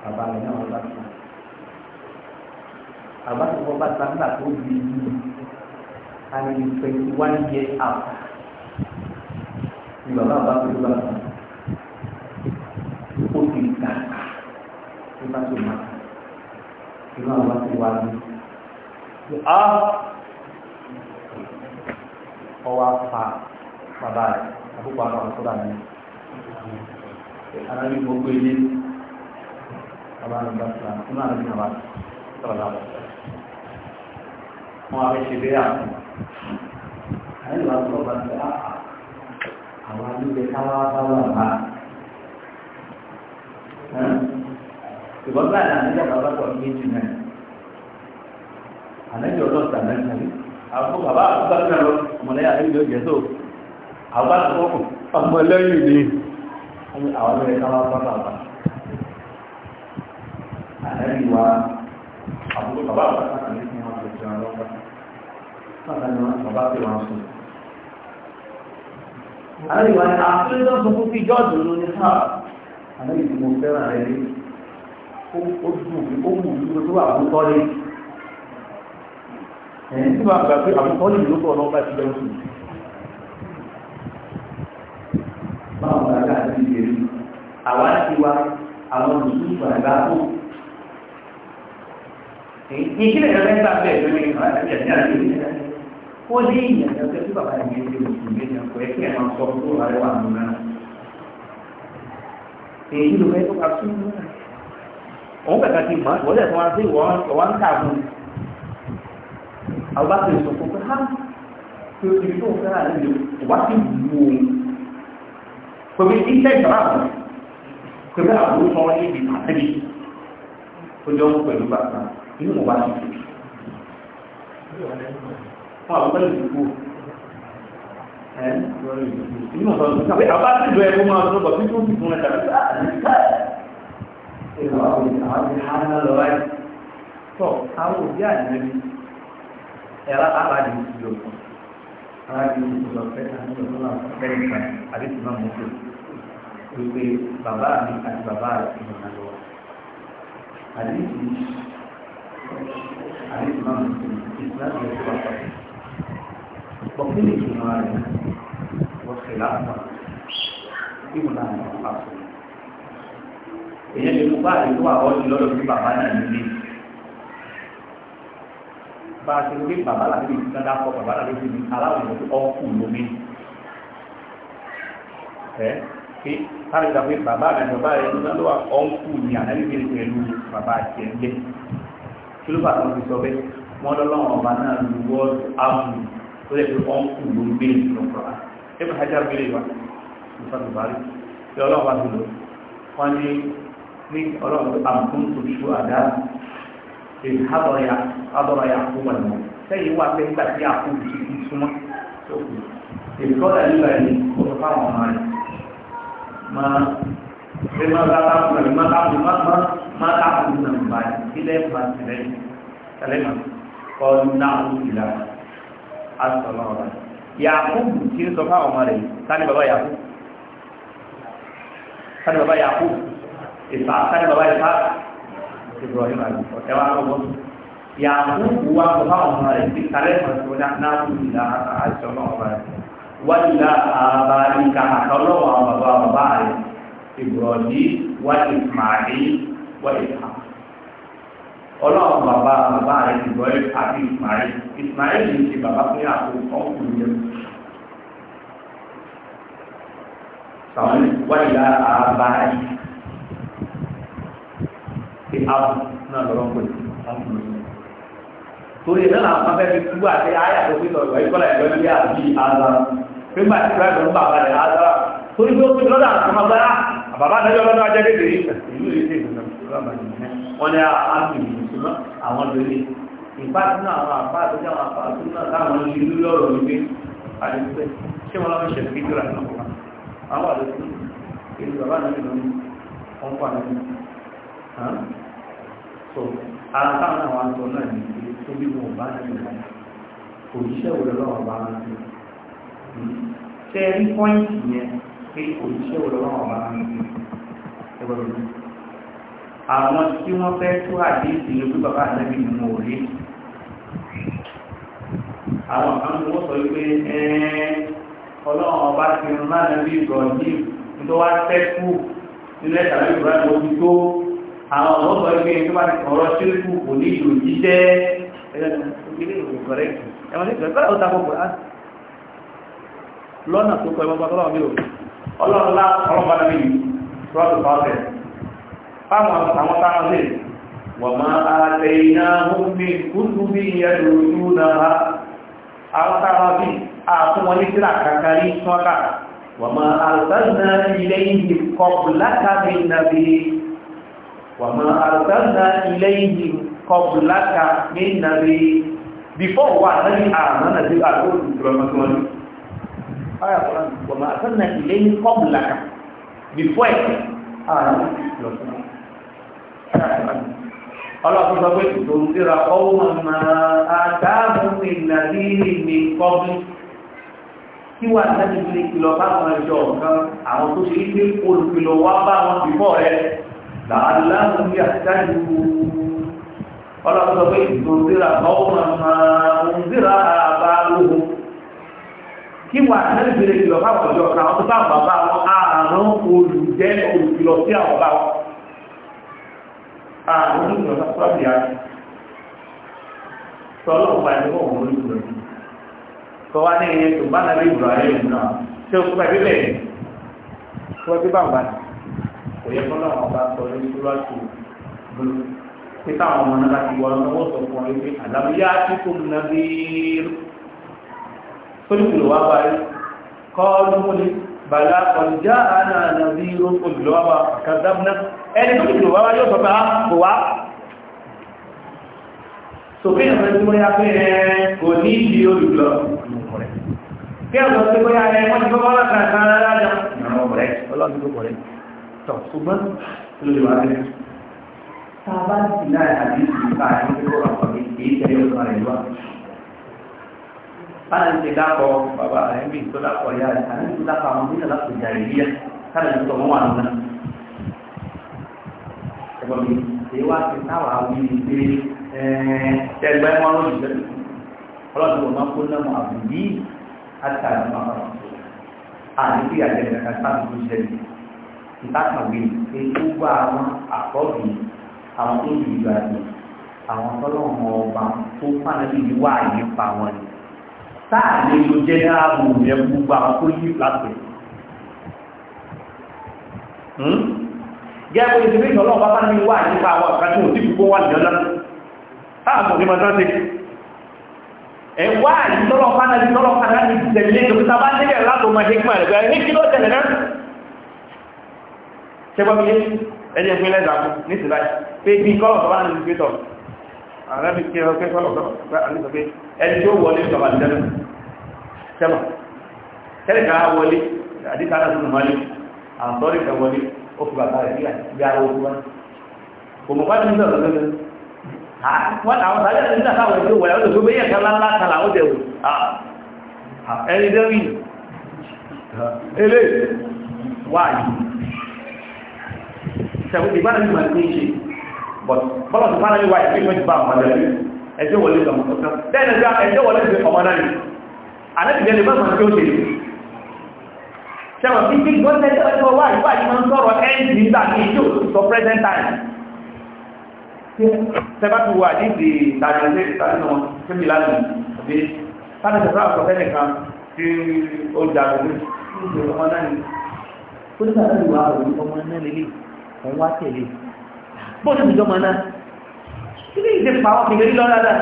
bàbá rẹ̀ náà bá tó bàbá tó wọ́n bá sáńgbà tó di ìlú àmì twenty one years out ni bàbá bá tó bá tó ó ti gbà tó bá tó má inú àwọn tó wá ní. Ọwọ́ apá bàbá rẹ̀ àkókò àwọn ọ̀sọ́dà mi ara ní gbogbo ilé abánigbàsá nínú àrùn náà wà sọ̀rọ̀ láwọn wọn àwọn ìṣẹ̀lẹ̀ àwọn àyẹ̀wò àtúbọ̀ bá ti àwọn àdúgbò káwá bá wà bá ìbọn báyìí náà nígbà bàbá tó ní jù náà ànájọ ọlọ́ọ̀tà náà kàrí àwọn fún bàbá àkókò àti ọmọlẹ́yà lórí ìjọ jẹ́ tó àwọn bá tó ọmọlẹ́yìn ni wọ́n ní àwọn ẹgbẹ́ káwá bàbá bàbá àdáyé wa àbúrò bàbá bàbá kan ní fún wọn àti ìjọba lọ́gbà bàbá ni wọn bàbá pè wọn sùn. àdáyé wa ni àkúrẹ́ náà sọ fún fi jọ́ọ̀dù ló ní sáà àdáyé tí mo fẹ́ràn rẹ̀ ní ó dùn mí ó mú mi tó wà fún tọ́lé ẹ̀yìn tí wọ́n àgbà pé àbúkọ́lé ìlú kọ̀ lọ́gbà ti lẹ́wọ̀n sùn. àwa àwọn àti wa rẹ̀ wà nù fún un náà. òun kàkà ti mọ̀ wọ́n lẹ̀ fún wa sí ìwọ́n ń kà fún un. àwọn bá ti sọ fún pé hàn pé ibi tó fẹ́ràn nílò wá sí ìlú òun. pèmí iṣẹ́ ìtàn àbọ̀ pẹ̀lú àwọn ọmọ níbi àtẹ́bí tó jọ mú pẹ̀lú bàtà inú mọ̀ bá ti fi fún àwọn pẹ̀lú ìdìbò fún ẹ̀ka tó ẹ̀rọ àwọn ìhànà lọ láì tọ́ àwọn òbí àjẹ́bí àti ìjọba àti ìjọba àti ìjọba wípé bàbá mi àti bàbá rẹ̀ ti mọ̀nà lọ. Àdéhùn àdéhùn máa ń sìn ìsìláàmù ẹ̀ tó wà. Bọ̀kí lè fi máa rẹ̀ wọ́n fi láàpá bí mo náà wọ́n pa fún mi. Èyẹ́ lè mú báàlì tó wà ọ́jú lọ́dọ̀ sí bàbá náà nílé. Bá a ti rí bàbá làbí ìdáná kọ bàbá làbí ìdáná aláwọ̀ ọkùnrin lómi. Ẹ́ pé káàrí ìgbà pé bàbá rẹ̀ bàbá rẹ̀ ló lọ́wọ́ ọ̀nkù ní àdáríkèrè pẹ̀lú bàbá àti ẹ̀ńdẹ́ kí ló bá tó fi sọ bẹ́ẹ̀ wọ́n lọ́lọ́wọ́ ọba náà lu wọ́ọ̀dù áàbù tó lè fi ọ̀nkù ló ń gbé ìlọ́kọ̀ rà ẹ̀kọ́ hajjá gbélé wa ìfọ̀tò bá rí kí ọlọ́wọ́ bá ti lọ wọ́n ní ní ọlọ́wọ́ àbùkún tó ṣú àdá àbọ̀rọ̀ yà kú wọn sẹ́yìn wà pé nígbà tí àkú ìṣ ma sai ma za ta kuma ma ta kuma ma ma ta kuma nan ba ile ba tare kalema ko na u ila assalamu alaikum Ya tí ń sọ fa ọmọ rẹ̀ tani ya yaqub tani bàbá yaqub ifa tani bàbá ifa ibrahim ali o te wa ko yaqub wa ko fa ọmọ rẹ̀ tí kalema so na na u ila assalamu alaikum wàlúùlà àbá ìka àtọ́lọ́wọ́ àwọn bàbá bàbá rẹ̀ ìbùrọ̀dí wà ìsmàlí wà ìhà ọlọ́run bàbá bàbá rẹ̀ ìbùrọ̀dí àti ìsmàlí ìsmàlí yìí ti bàbá fún yàtọ̀ ọkùnrin yẹn. sàwọn wàlúùlà àbá ìka ti àbù náà lọ́wọ́ pẹ̀lú àbùrọ̀dí torí ẹ̀ náà máa fẹ́ fi tú àti ayà tó fi sọ̀rọ̀ ìkọ́lá ìjọ ilé àbí àzá nígbà tí wọ́n ń bà wà lẹ̀ àzá torí pé ó fi lọ́dà àtọ́mọ́ bá àbàbá dájọ́ lọ́dọ̀ ajẹ́ dédé ìlú ìdè wọn ni àmì ìṣúná àwọn lórí ìpá sínú àwọn àpá àti àwọn àpá sínú àwọn ìlú lọ́rọ̀ wípé àdìpẹ́ ṣé wọn lọ́wọ́ ìṣẹ̀lẹ̀ fídíò àti ọkọ̀ àwọn àdìpẹ́ ìlú bàbá náà tó ara táwọn àwọn àtọ náà ní ìlú tó bí wọn bá ní ìlú òjíṣẹ́ òun lọ́wọ́ bá ń tó ṣe rí pọ́ìntì yẹn pé òjíṣẹ́ òun lọ́wọ́ bá ń tó ẹgbẹ̀rún àwọn tí wọ́n fẹ́ tó àdéhùn ní ojú bàbá àtẹ́bí ni mo rí àwọn kan ní wọ́n sọ wípé ọlọ́run ọba ti rán lánàá bí ìgbọ̀n yìí nítorí tẹ́kù nílẹ̀ tàbí ìgbọ̀n àwọn ọmọ ọgbà gbé tó bá ti kọ̀ọ̀rọ̀ sílùkù kò ní ìlú jíjẹ́ lọ́nà tó kọ ẹgbọ́n tọ́lọ́wọ́ bí o ọlọ́ọ̀lá ọlọ́pàá bí i rọ́dù pàṣẹ fáwọn àwọn táwọn lè wọ̀n máa àtẹ iná omi kúrú bí i ẹ̀rù ojú náà àwọn táwọn bí àfún wọn ní sílà kàkàrí sọ́kà wọ̀n máa وما أرسلنا إليه قبلك من نبي before wa nabi amana bi a ko tuba masuwan aya ko before Allah tó sọ pé tòǹtìrà ọwọ́ máa àtààmú ìlàdí ní kọ́bí tí wà láti fi kìlọ̀ bá àwọn ẹjọ́ kan àwọn tó ṣe é pé olùkìlọ̀ wá bá wọn bìbọ̀ rẹ̀ làálàáhùn bí àtàjù ọlọ́sọ pé ìdòdìrà ọ̀hún ọ̀húndìrà àbá lóhùn kí wà nínú ìbílẹ̀ ìlọ bá wọ̀jọ́ kan àwọn tó bá bàbá wọn àrùn olùjẹ́ olùkìlọ̀ sí àwọn bá wọn àrùn olùkìlọ̀ sáfúrábì àti tọ́lọ́ pa ẹni wọ́n wọ́n wá ní ẹyẹ tó bá nàlẹ́ ìbùrọ̀ ayé ìbùrọ̀ tó pẹ̀lú bẹ́ẹ̀ kò yẹ kọ́lá wọn bá sọ ní túláṣù blu pé táwọn ọmọ náà láti wọ ọlọ́wọ́ sọ fún ọ pé àlàbíyá tí kò nà bí sólùkùlù wá parí kọ́ọ̀lù múni bàlá ọ̀já àná nàbí olùlọ́ wa kàdábùná ẹni sólùkùlù wá wá yóò sọ pé á ah, kò wá sòfin ìrìn tí mo yá pé kò ní ìdí olùlọ́ kí ẹ̀sọ́ tí mo yá ẹ wọ́n ti fọ́fọ́ láti àkàrà lájọ ọlọ́run tó kọ̀ rẹ̀ tọ̀ ṣùgbọ́n lórí wa bẹ́ẹ̀ tá a bá ti láì àbí ìgbà àti kókó àpọ̀ mi kì í tẹ̀lé ọ̀sán rẹ̀ lọ́wọ́ báyìí ti dákọ̀ bàbá rẹ̀ ń bì tó dákọ̀ ya rẹ̀ àti tó dákọ̀ àwọn nígbà láti jà ìlíyà káàdì tó wọ́n wà nínú ẹ̀gbọ́n mi èyí wá ti táwà wí ní pé ẹgbẹ́ wọn ló ṣiṣẹ́ ọlọ́dún wọn máa kó náà mọ àbùdí àti àdúgbò àwọn àti àjẹmẹ́ka sáà tó ṣẹlẹ̀ ìbákanwé pé gbogbo àwọn àkọ́bí àwọn tó lù ìgbà yìí àwọn tọ́lọ́mọ ọba tó fànàbí yìí wà nípa wọn ni táà lè lo jẹ́nẹ́rálù yẹn gbogbo àwọn tó yí láti hmm? gẹ́gẹ́ bó ti fi ìtọ́lọ́ bá bá ní wà nípa àwọn ọ̀kan tí wọ́n ti gbogbo wà nìyànjá táà mọ̀ ní mọ̀tán ti ẹ̀wà ìtọ́lọ́ fànàbí tọ́lọ́ fànàbí tẹ̀lé ìjọba bá nílẹ̀ látọ̀ mọ̀ ṣẹ́gbọ́mílé ẹjẹ́ fún ilẹ̀ ìdàmú ní ìsìnláì pé bí kọ́lọ̀ tọ́bá ní ìgbétọ̀ ààrẹ́bí kí ẹ̀rọ pé kọ́lọ̀ tọ́bá ní ìsọ̀pé ẹni tí ó wọlé tọ́bá ní ìdẹ́nu ṣẹ́mọ̀ tẹ́lẹ̀ká wọlé àdíkára tó mọ́lé àǹtọ́rí fẹ́ wọlé ó fi bàbá rẹ̀ bí ara ogun wá kò mọ̀ fájú nígbà tó tẹ́lẹ̀ wọ́n àwọn sáré ẹni nígbà táwọn ẹni wọlé ọdún tó bẹ́yẹ kala ńlá kala ó dẹ̀ wò ẹni dẹ́rìn eléyìí wáyìí ṣẹ̀wọ́n ìbára ní màá ní ṣe but bọ́lá tó fánà ní wáyé pé mẹ́jì bá àwọn ọmọdé ẹjọ́ wọlé lọ mọ̀tọ́tọ́ then ẹjọ́ wọlé fi ọmọ náà ní àlẹ́bìnrin lè má máa tó ṣe ṣẹ̀wọ̀n fífi gbọ́nẹ́ ẹjọ́ wá ìwà yìí máa ń sọ̀rọ̀ ẹ́ńdì nígbà ní ìjó sọ present time sẹ́bá ti wà nídìí ìtàjẹ́sẹ́ ìtàjẹ́sẹ́ fẹ́mi lánàá àbí sáàdì sọ́rọ̀ àkọ́fẹ́ nìkan tí ó jà lórí ọmọ náà ní òun wá tẹ̀lé bóòdù ìjọba náà kí ní ìdè pa wọn kìlẹ̀ lọ dáadáa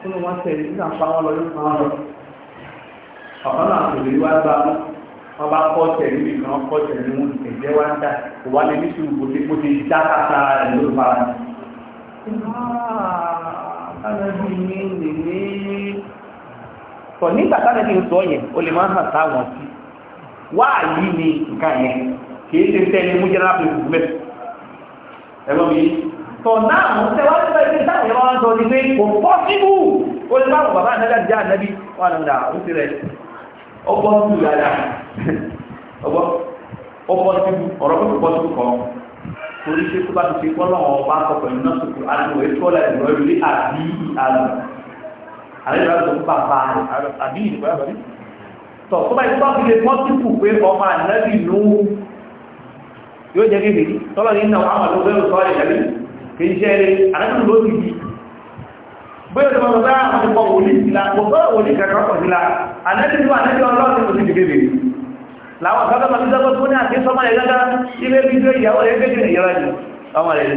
kí ni wọ́n tẹ̀lé nígbà pa wọn lọ yóò pa wọn lọ ọ̀kan náà kò lè wá gba mú wọn bá kọ́ tẹ̀lé mi kan kọ́ tẹ̀lé mi ẹ̀jẹ̀ wá ń dà kò wá lè ní sùúrù bó ti bó ti dá kàtà rẹ̀ ló fara ní. Ah, hàn sáwọn sí wáàyí ni nǹkan yẹn kì í ṣe tẹ́lẹ̀ mú jẹ́rán ẹ̀rọ mi tọ̀ náà mú tẹ́wàá nípa ibi táwọn ẹ̀rọ wọn sọ ní pé kò pọ́ síbù ó lè báwọn bàbá àdájá jẹ́ ànábì wọn àwọn ọ̀dà ó ti rẹ̀ ọgbọ́ sí ìyára ọgbọ́ ọgbọ́ síbù ọ̀rọ̀ pé kò pọ́ síbù kọ́ torí pé tó bá ti fi kọ́lọ̀ ọba sọ pẹ̀lú náà sọ̀tò àdúgbò ètò ọ̀la ìlú ẹ̀rù lé àbí àlọ́ àlejò àti òkú bàbá àbí ìdìbò yàtọ̀ tọ̀ tó bá yẹ kó bá fi lè pọ́ síbù pé ọmọ ànábì nù yóò jẹ́ kéfèrí tọ́lọ̀ nínú àwọn àwọn olóògbẹ́rù sọ́ọ̀lẹ̀ tàbí kì í ṣẹ́rẹ̀ àdájúrù ló ti di bóyá tó mọ́ bá àwọn ìpọ̀ wòlí sílá gbogbo wòlí kàkàkọ̀ sílá àdájúrù àdájúrù ọlọ́run tó ti di kéfèrí láwọn sábà máa ń sọ́kọ́ tó ní àti sọ́mọ́ rẹ̀ gẹ́gẹ́ ilé bí tó ìyàwó rẹ̀ gẹ́gẹ́ ìyàwó rẹ̀ ọmọ rẹ̀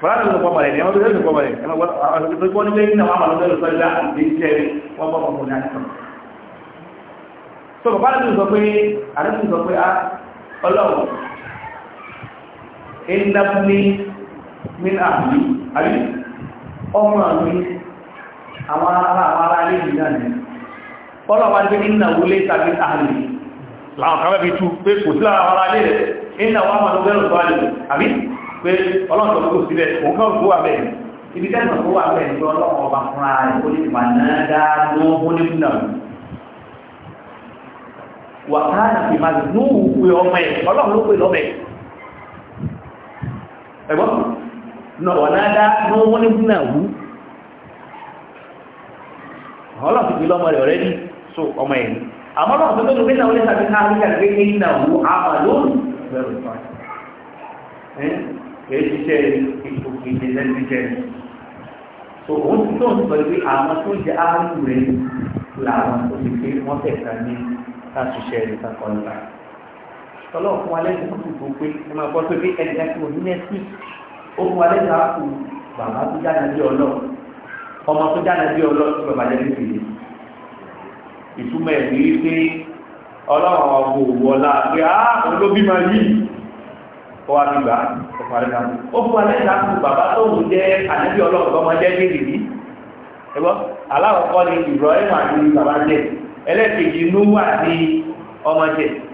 fọ́nà tó pọ̀ mọ̀rẹ̀ ẹ̀mọ́ tó tó pọ̀ mọ̀rẹ̀ ẹ̀mọ́ tó pọ̀ nílé nínú àwọn àlọ́dọ́ lọ sọ́lá àti iṣẹ́ wọn bọ́ mọ̀kùnrin àti sọ́mọ́ tó bàbá rẹ̀ tó sọ pé àdúgbò sọ pé ah, ọlọ́run ìnàbùnì min àmì àbí ọmọ àmì àwọn ará ilé ìrìnà ní ọlọ́wà jẹ́ ìnàwó lé tàbí àmì láwọn kan mẹ́bí tú pé kò sí lára ará ilé rẹ̀ ìnàwó àmà ló bẹ̀rù tó àlè àbí pé ọlọ́ntọ̀ kò sílẹ̀ òun kọ́ òkú wà bẹ́ẹ̀ ibi tẹ́lẹ̀ kó wà bẹ́ẹ̀ ní ọlọ́wọ́ ọba fúnra rẹ̀ ó ní ìwà náà dáadọ́ ó ní ìnàwó wà káàkiri máa nù ú pé ọmọ ẹ̀ ọlọ́run ló pè lọ́mọ ẹ̀ ẹ̀gbọ́n ọ̀nàdá ló wọ́n ní búnà wú ọlọ́pì pé lọ́mọ rẹ̀ ọ̀rẹ́dì so ọmọ ẹ̀ ní àmọ́ lọ́pì tó lóbi náà ó lè tàbí káàkiri pé ní ìnà wú àmà lóòrùn bẹ̀rù kìí ṣiṣẹ́ so òun ti tó ń sọ pé àwọn tó jẹ áàrùn rẹ̀ làwọn tó ti pé wọ́n tẹ̀ka ọlọ́run fún wa lẹ́yìn tó kù pé ẹ máa gbọ́ pé ẹnì kan tí mo ó fún wa lẹ́yìn àpò bàbá tó jáde bí ọlọ́ ọmọ tó jáde bí ọlọ́ tó bàbá jẹ́ ìtumọ̀ ẹ̀ pé ọlọ́run ọ̀gbọ̀ wọlá pé á olóbí máa yí bí gbà ó fún wa lẹ́yìn àpò ó fún wa lẹ́yìn àpò bàbá tó jẹ́ ọlọ́run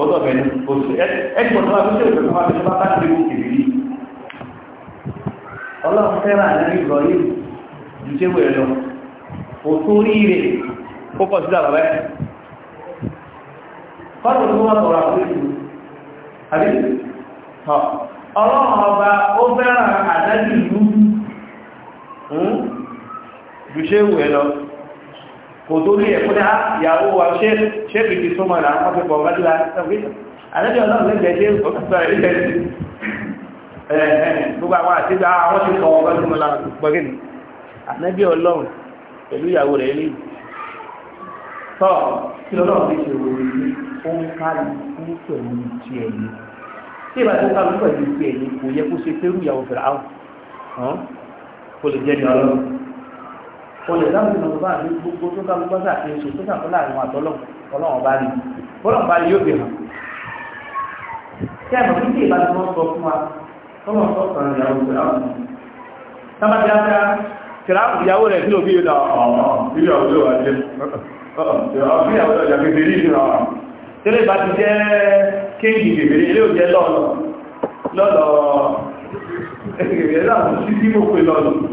ọ̀dọ̀ bẹ̀rẹ̀ oṣù ẹgbọ̀n tó wá fi ṣe òṣèlú wá fi ṣe bá bá ti mú kìrì ọlọ́run fẹ́ràn àdáni ìrọ̀ yìí ju ṣéwò ẹ̀ lọ òtú ríire ó kọ̀ sílá bàbá ẹ̀ fọ́nà tó wọ́n sọ̀rọ̀ àwọn ètò àbí kò tó ní ẹ̀kún náà ìyàwó wa ṣẹ́ẹ̀kì ti súnmọ́ ìlànà wọ́n fi bọ̀ mẹ́jìlá àlẹ́bí ọlọ́run lẹ́gbẹ̀ẹ́ ṣe ọ̀tọ̀ ìrìnlẹ̀ ẹ̀ẹ́ gbogbo àwọn àti ìgbà àwọn ti sọ ọgbọ́n tí mo lára gbọ́gẹ́ ni àlẹ́bí ọlọ́run pẹ̀lú ìyàwó rẹ̀ lè tọ́ kí lọ́lọ́run fi ṣe òwe ní ó ń kárí fún pẹ̀lú ti ẹ̀yìn olè dáhùn sí ọ̀sán àti gbogbo tó ká gbogbo àti èso tó kà fúnlá àwọn àtọ́lọ̀ ọlọ́run bá rí ọlọ́run bá rí yóò bẹ̀rẹ̀ tí a mọ̀ níbi ìbá tí wọ́n sọ fún wa tọ́lọ̀ sọ sọ̀rọ̀ ìyàwó fìràwọ̀ sábà tí a fẹ́ fìràwọ̀ ìyàwó rẹ̀ sílò bí i lọ ìyàwó ló wà jẹ́ ìyàwó ló jà kékeré ìfìràwọ̀ tẹ́lẹ̀ ìbá ti jẹ́ kéèkì kékeré ilé òjẹ́ lọ́ọ̀lọ́ lọ́ọ̀lọ́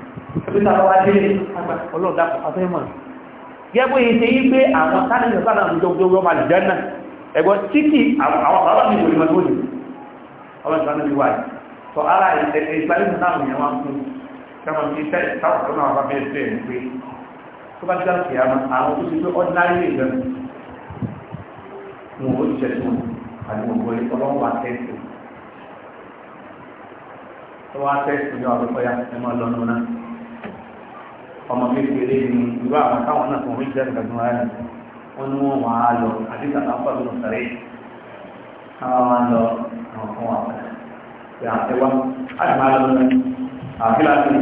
títà wá dé ọlọ́ọ̀dà afẹ́mọ̀ gẹ́gbó yìí ṣe yí pé àwọn sáàdì sáàdì àmì jọgbọ́ ọmọ àdìjẹ́ náà ẹgbọ́ títì àwọn bàbá mi wòlé mọ́tò ní ọmọ ìsànà mi wáyé sọ ara ìsìláìmù náà mú yẹn wá fún kẹwọn tí tẹ táwọn tó náà bá bẹ́ẹ̀ fẹ́ ẹ̀ pé tó ordinary lè lọ wọn ò jẹ tó àti wọn wọlé ọlọ́wọ́ àtẹ́sì tó wá tẹ́sì ní ọdún ọmọ kékeré ni ìlú àwọn táwọn náà fún oríṣi ẹ̀ka tó wáyé wọn ni wọn wàá lọ àti tàbá fún àbúrò sàré káwọn wá lọ àwọn fún wa pẹ àtẹwá àti máa lọ sí àkíláàsì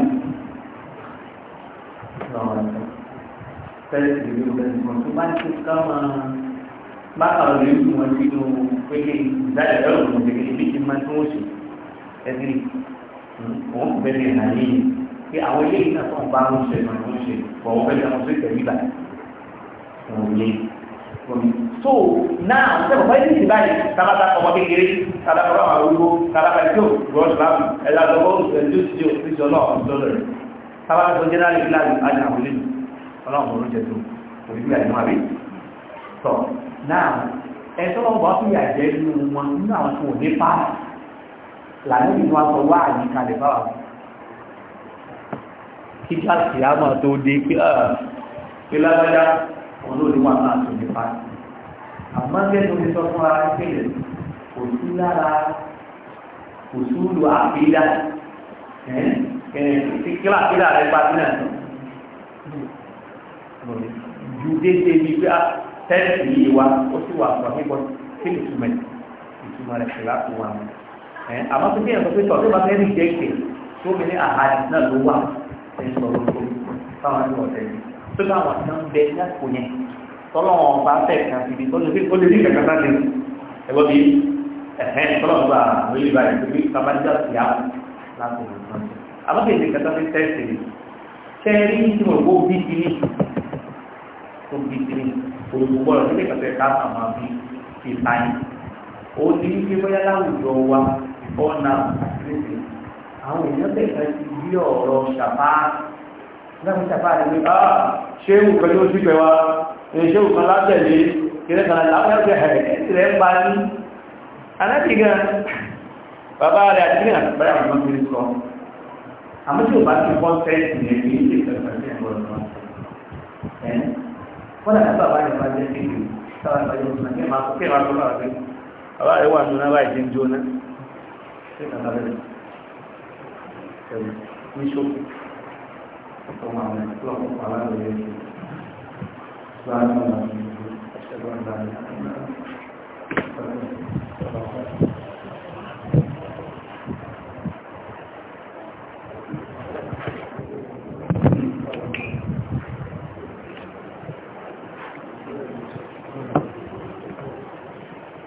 tẹ́lẹ̀ ìlú ìgbẹ́sìmọ̀ tó bá ń tó ká máa bákan lè fún wọn sínú pékè ìdájọ́ ẹ̀rọ ìgbẹ́sìmọ̀ tó ń ṣe ẹ̀sìn òun kò bẹ́ẹ̀ ní ìlànà yìí pé àwọn ilé yìí náà tó ń bá ń ṣe náà ń ṣe bọ̀ wọ́n fẹ́ẹ́ lọ́wọ́ sí ìtẹ̀lé ìgbà wọn so now ṣe bàbá yìí ti báyìí tábàtà ọmọ kékeré tábàtà ọmọ arúgbó tábàtà tó gbọ́dọ̀ láàbù ẹ̀dá lọ́wọ́ ìṣẹ́jú sí òṣìṣẹ́ náà lọ́dọ̀ rẹ̀ tábàtà tó jẹ́nẹ́rì fúlàní àti àwọn ilé ọlọ́run ló jẹ tó òbí bí àìmọ́ so now ẹ̀tọ́ lọ́wọ́ bá fìyà jẹ́ nínú wọn nínú àwọn tó ní pa làánú ìlú wa títí àtìyàmọ̀ tó dé pé ah, lágbájá olóòrí wà náà tó nípa àmọ́ gẹ́gẹ́ tó sọ fún ara ìpínlẹ̀ kò sí lára kò súlù àfíìdá ẹ̀ẹ́dẹ̀ẹ́dẹ̀ kíláàkílà rẹ̀ bá sílẹ̀ ju déédéé bíi pé ah, tẹ́sì yìí wa ó sì wà fún akẹ́kọ̀ọ́ kí ni ìtumọ̀ ìtumọ̀ rẹ̀ kìlá tó wà mọ́ àmọ́ tó bí ẹ̀kọ́ pé tọ́ tó bá fẹ́ rí jẹ́ ìpè tó mi ní àhàdì náà ló wà sọ̀rọ̀ tó táwọn ní ọ̀tẹ̀ yìí tó láwọn àti ń bẹ lásìkò yẹn tọ́lọ́wọ́n bá fẹ́ síbi tó lè rí kankan láti ẹ̀gbọ́n bíi ẹ̀hẹ́n tọ́lọ́wọ́n bá àwọn ilé tó bí kábàdíjà sí á láti rẹ̀ tán àmọ́ kì í ṣe tí mo gbó bí àwọn èèyàn tẹ̀sán ti rí ọ̀rọ̀ ṣàfá lẹ́kùn ṣàfá rẹ̀ pé ah ṣé ń kọ́ ló sí pẹ̀wá ṣé ń kan látẹ̀lé kìrẹ́ kan láwọn ẹgbẹ́ rẹ̀ ń bá ní aláti gan bàbá rẹ̀ àti ní àgbáyà wọn ti sọ àmọ́ tí o bá ti kọ́ tẹ́sì rẹ̀ kì í ṣe ìtẹ̀sán sí ẹ̀gbọ́n náà ẹ̀ wọ́n dàgbà bàbá rẹ̀ bá jẹ́ kéde sábà bá yóò sùn kí ẹ̀ máa kó bàbá rẹ̀ wà nínú náà báyìí ẹ̀rù ní ṣókù ọmọ àwọn ìfúlọ̀pọ̀ aláàrẹ̀ yẹn láàrín àwọn ìṣẹ́gbọ́n láàrín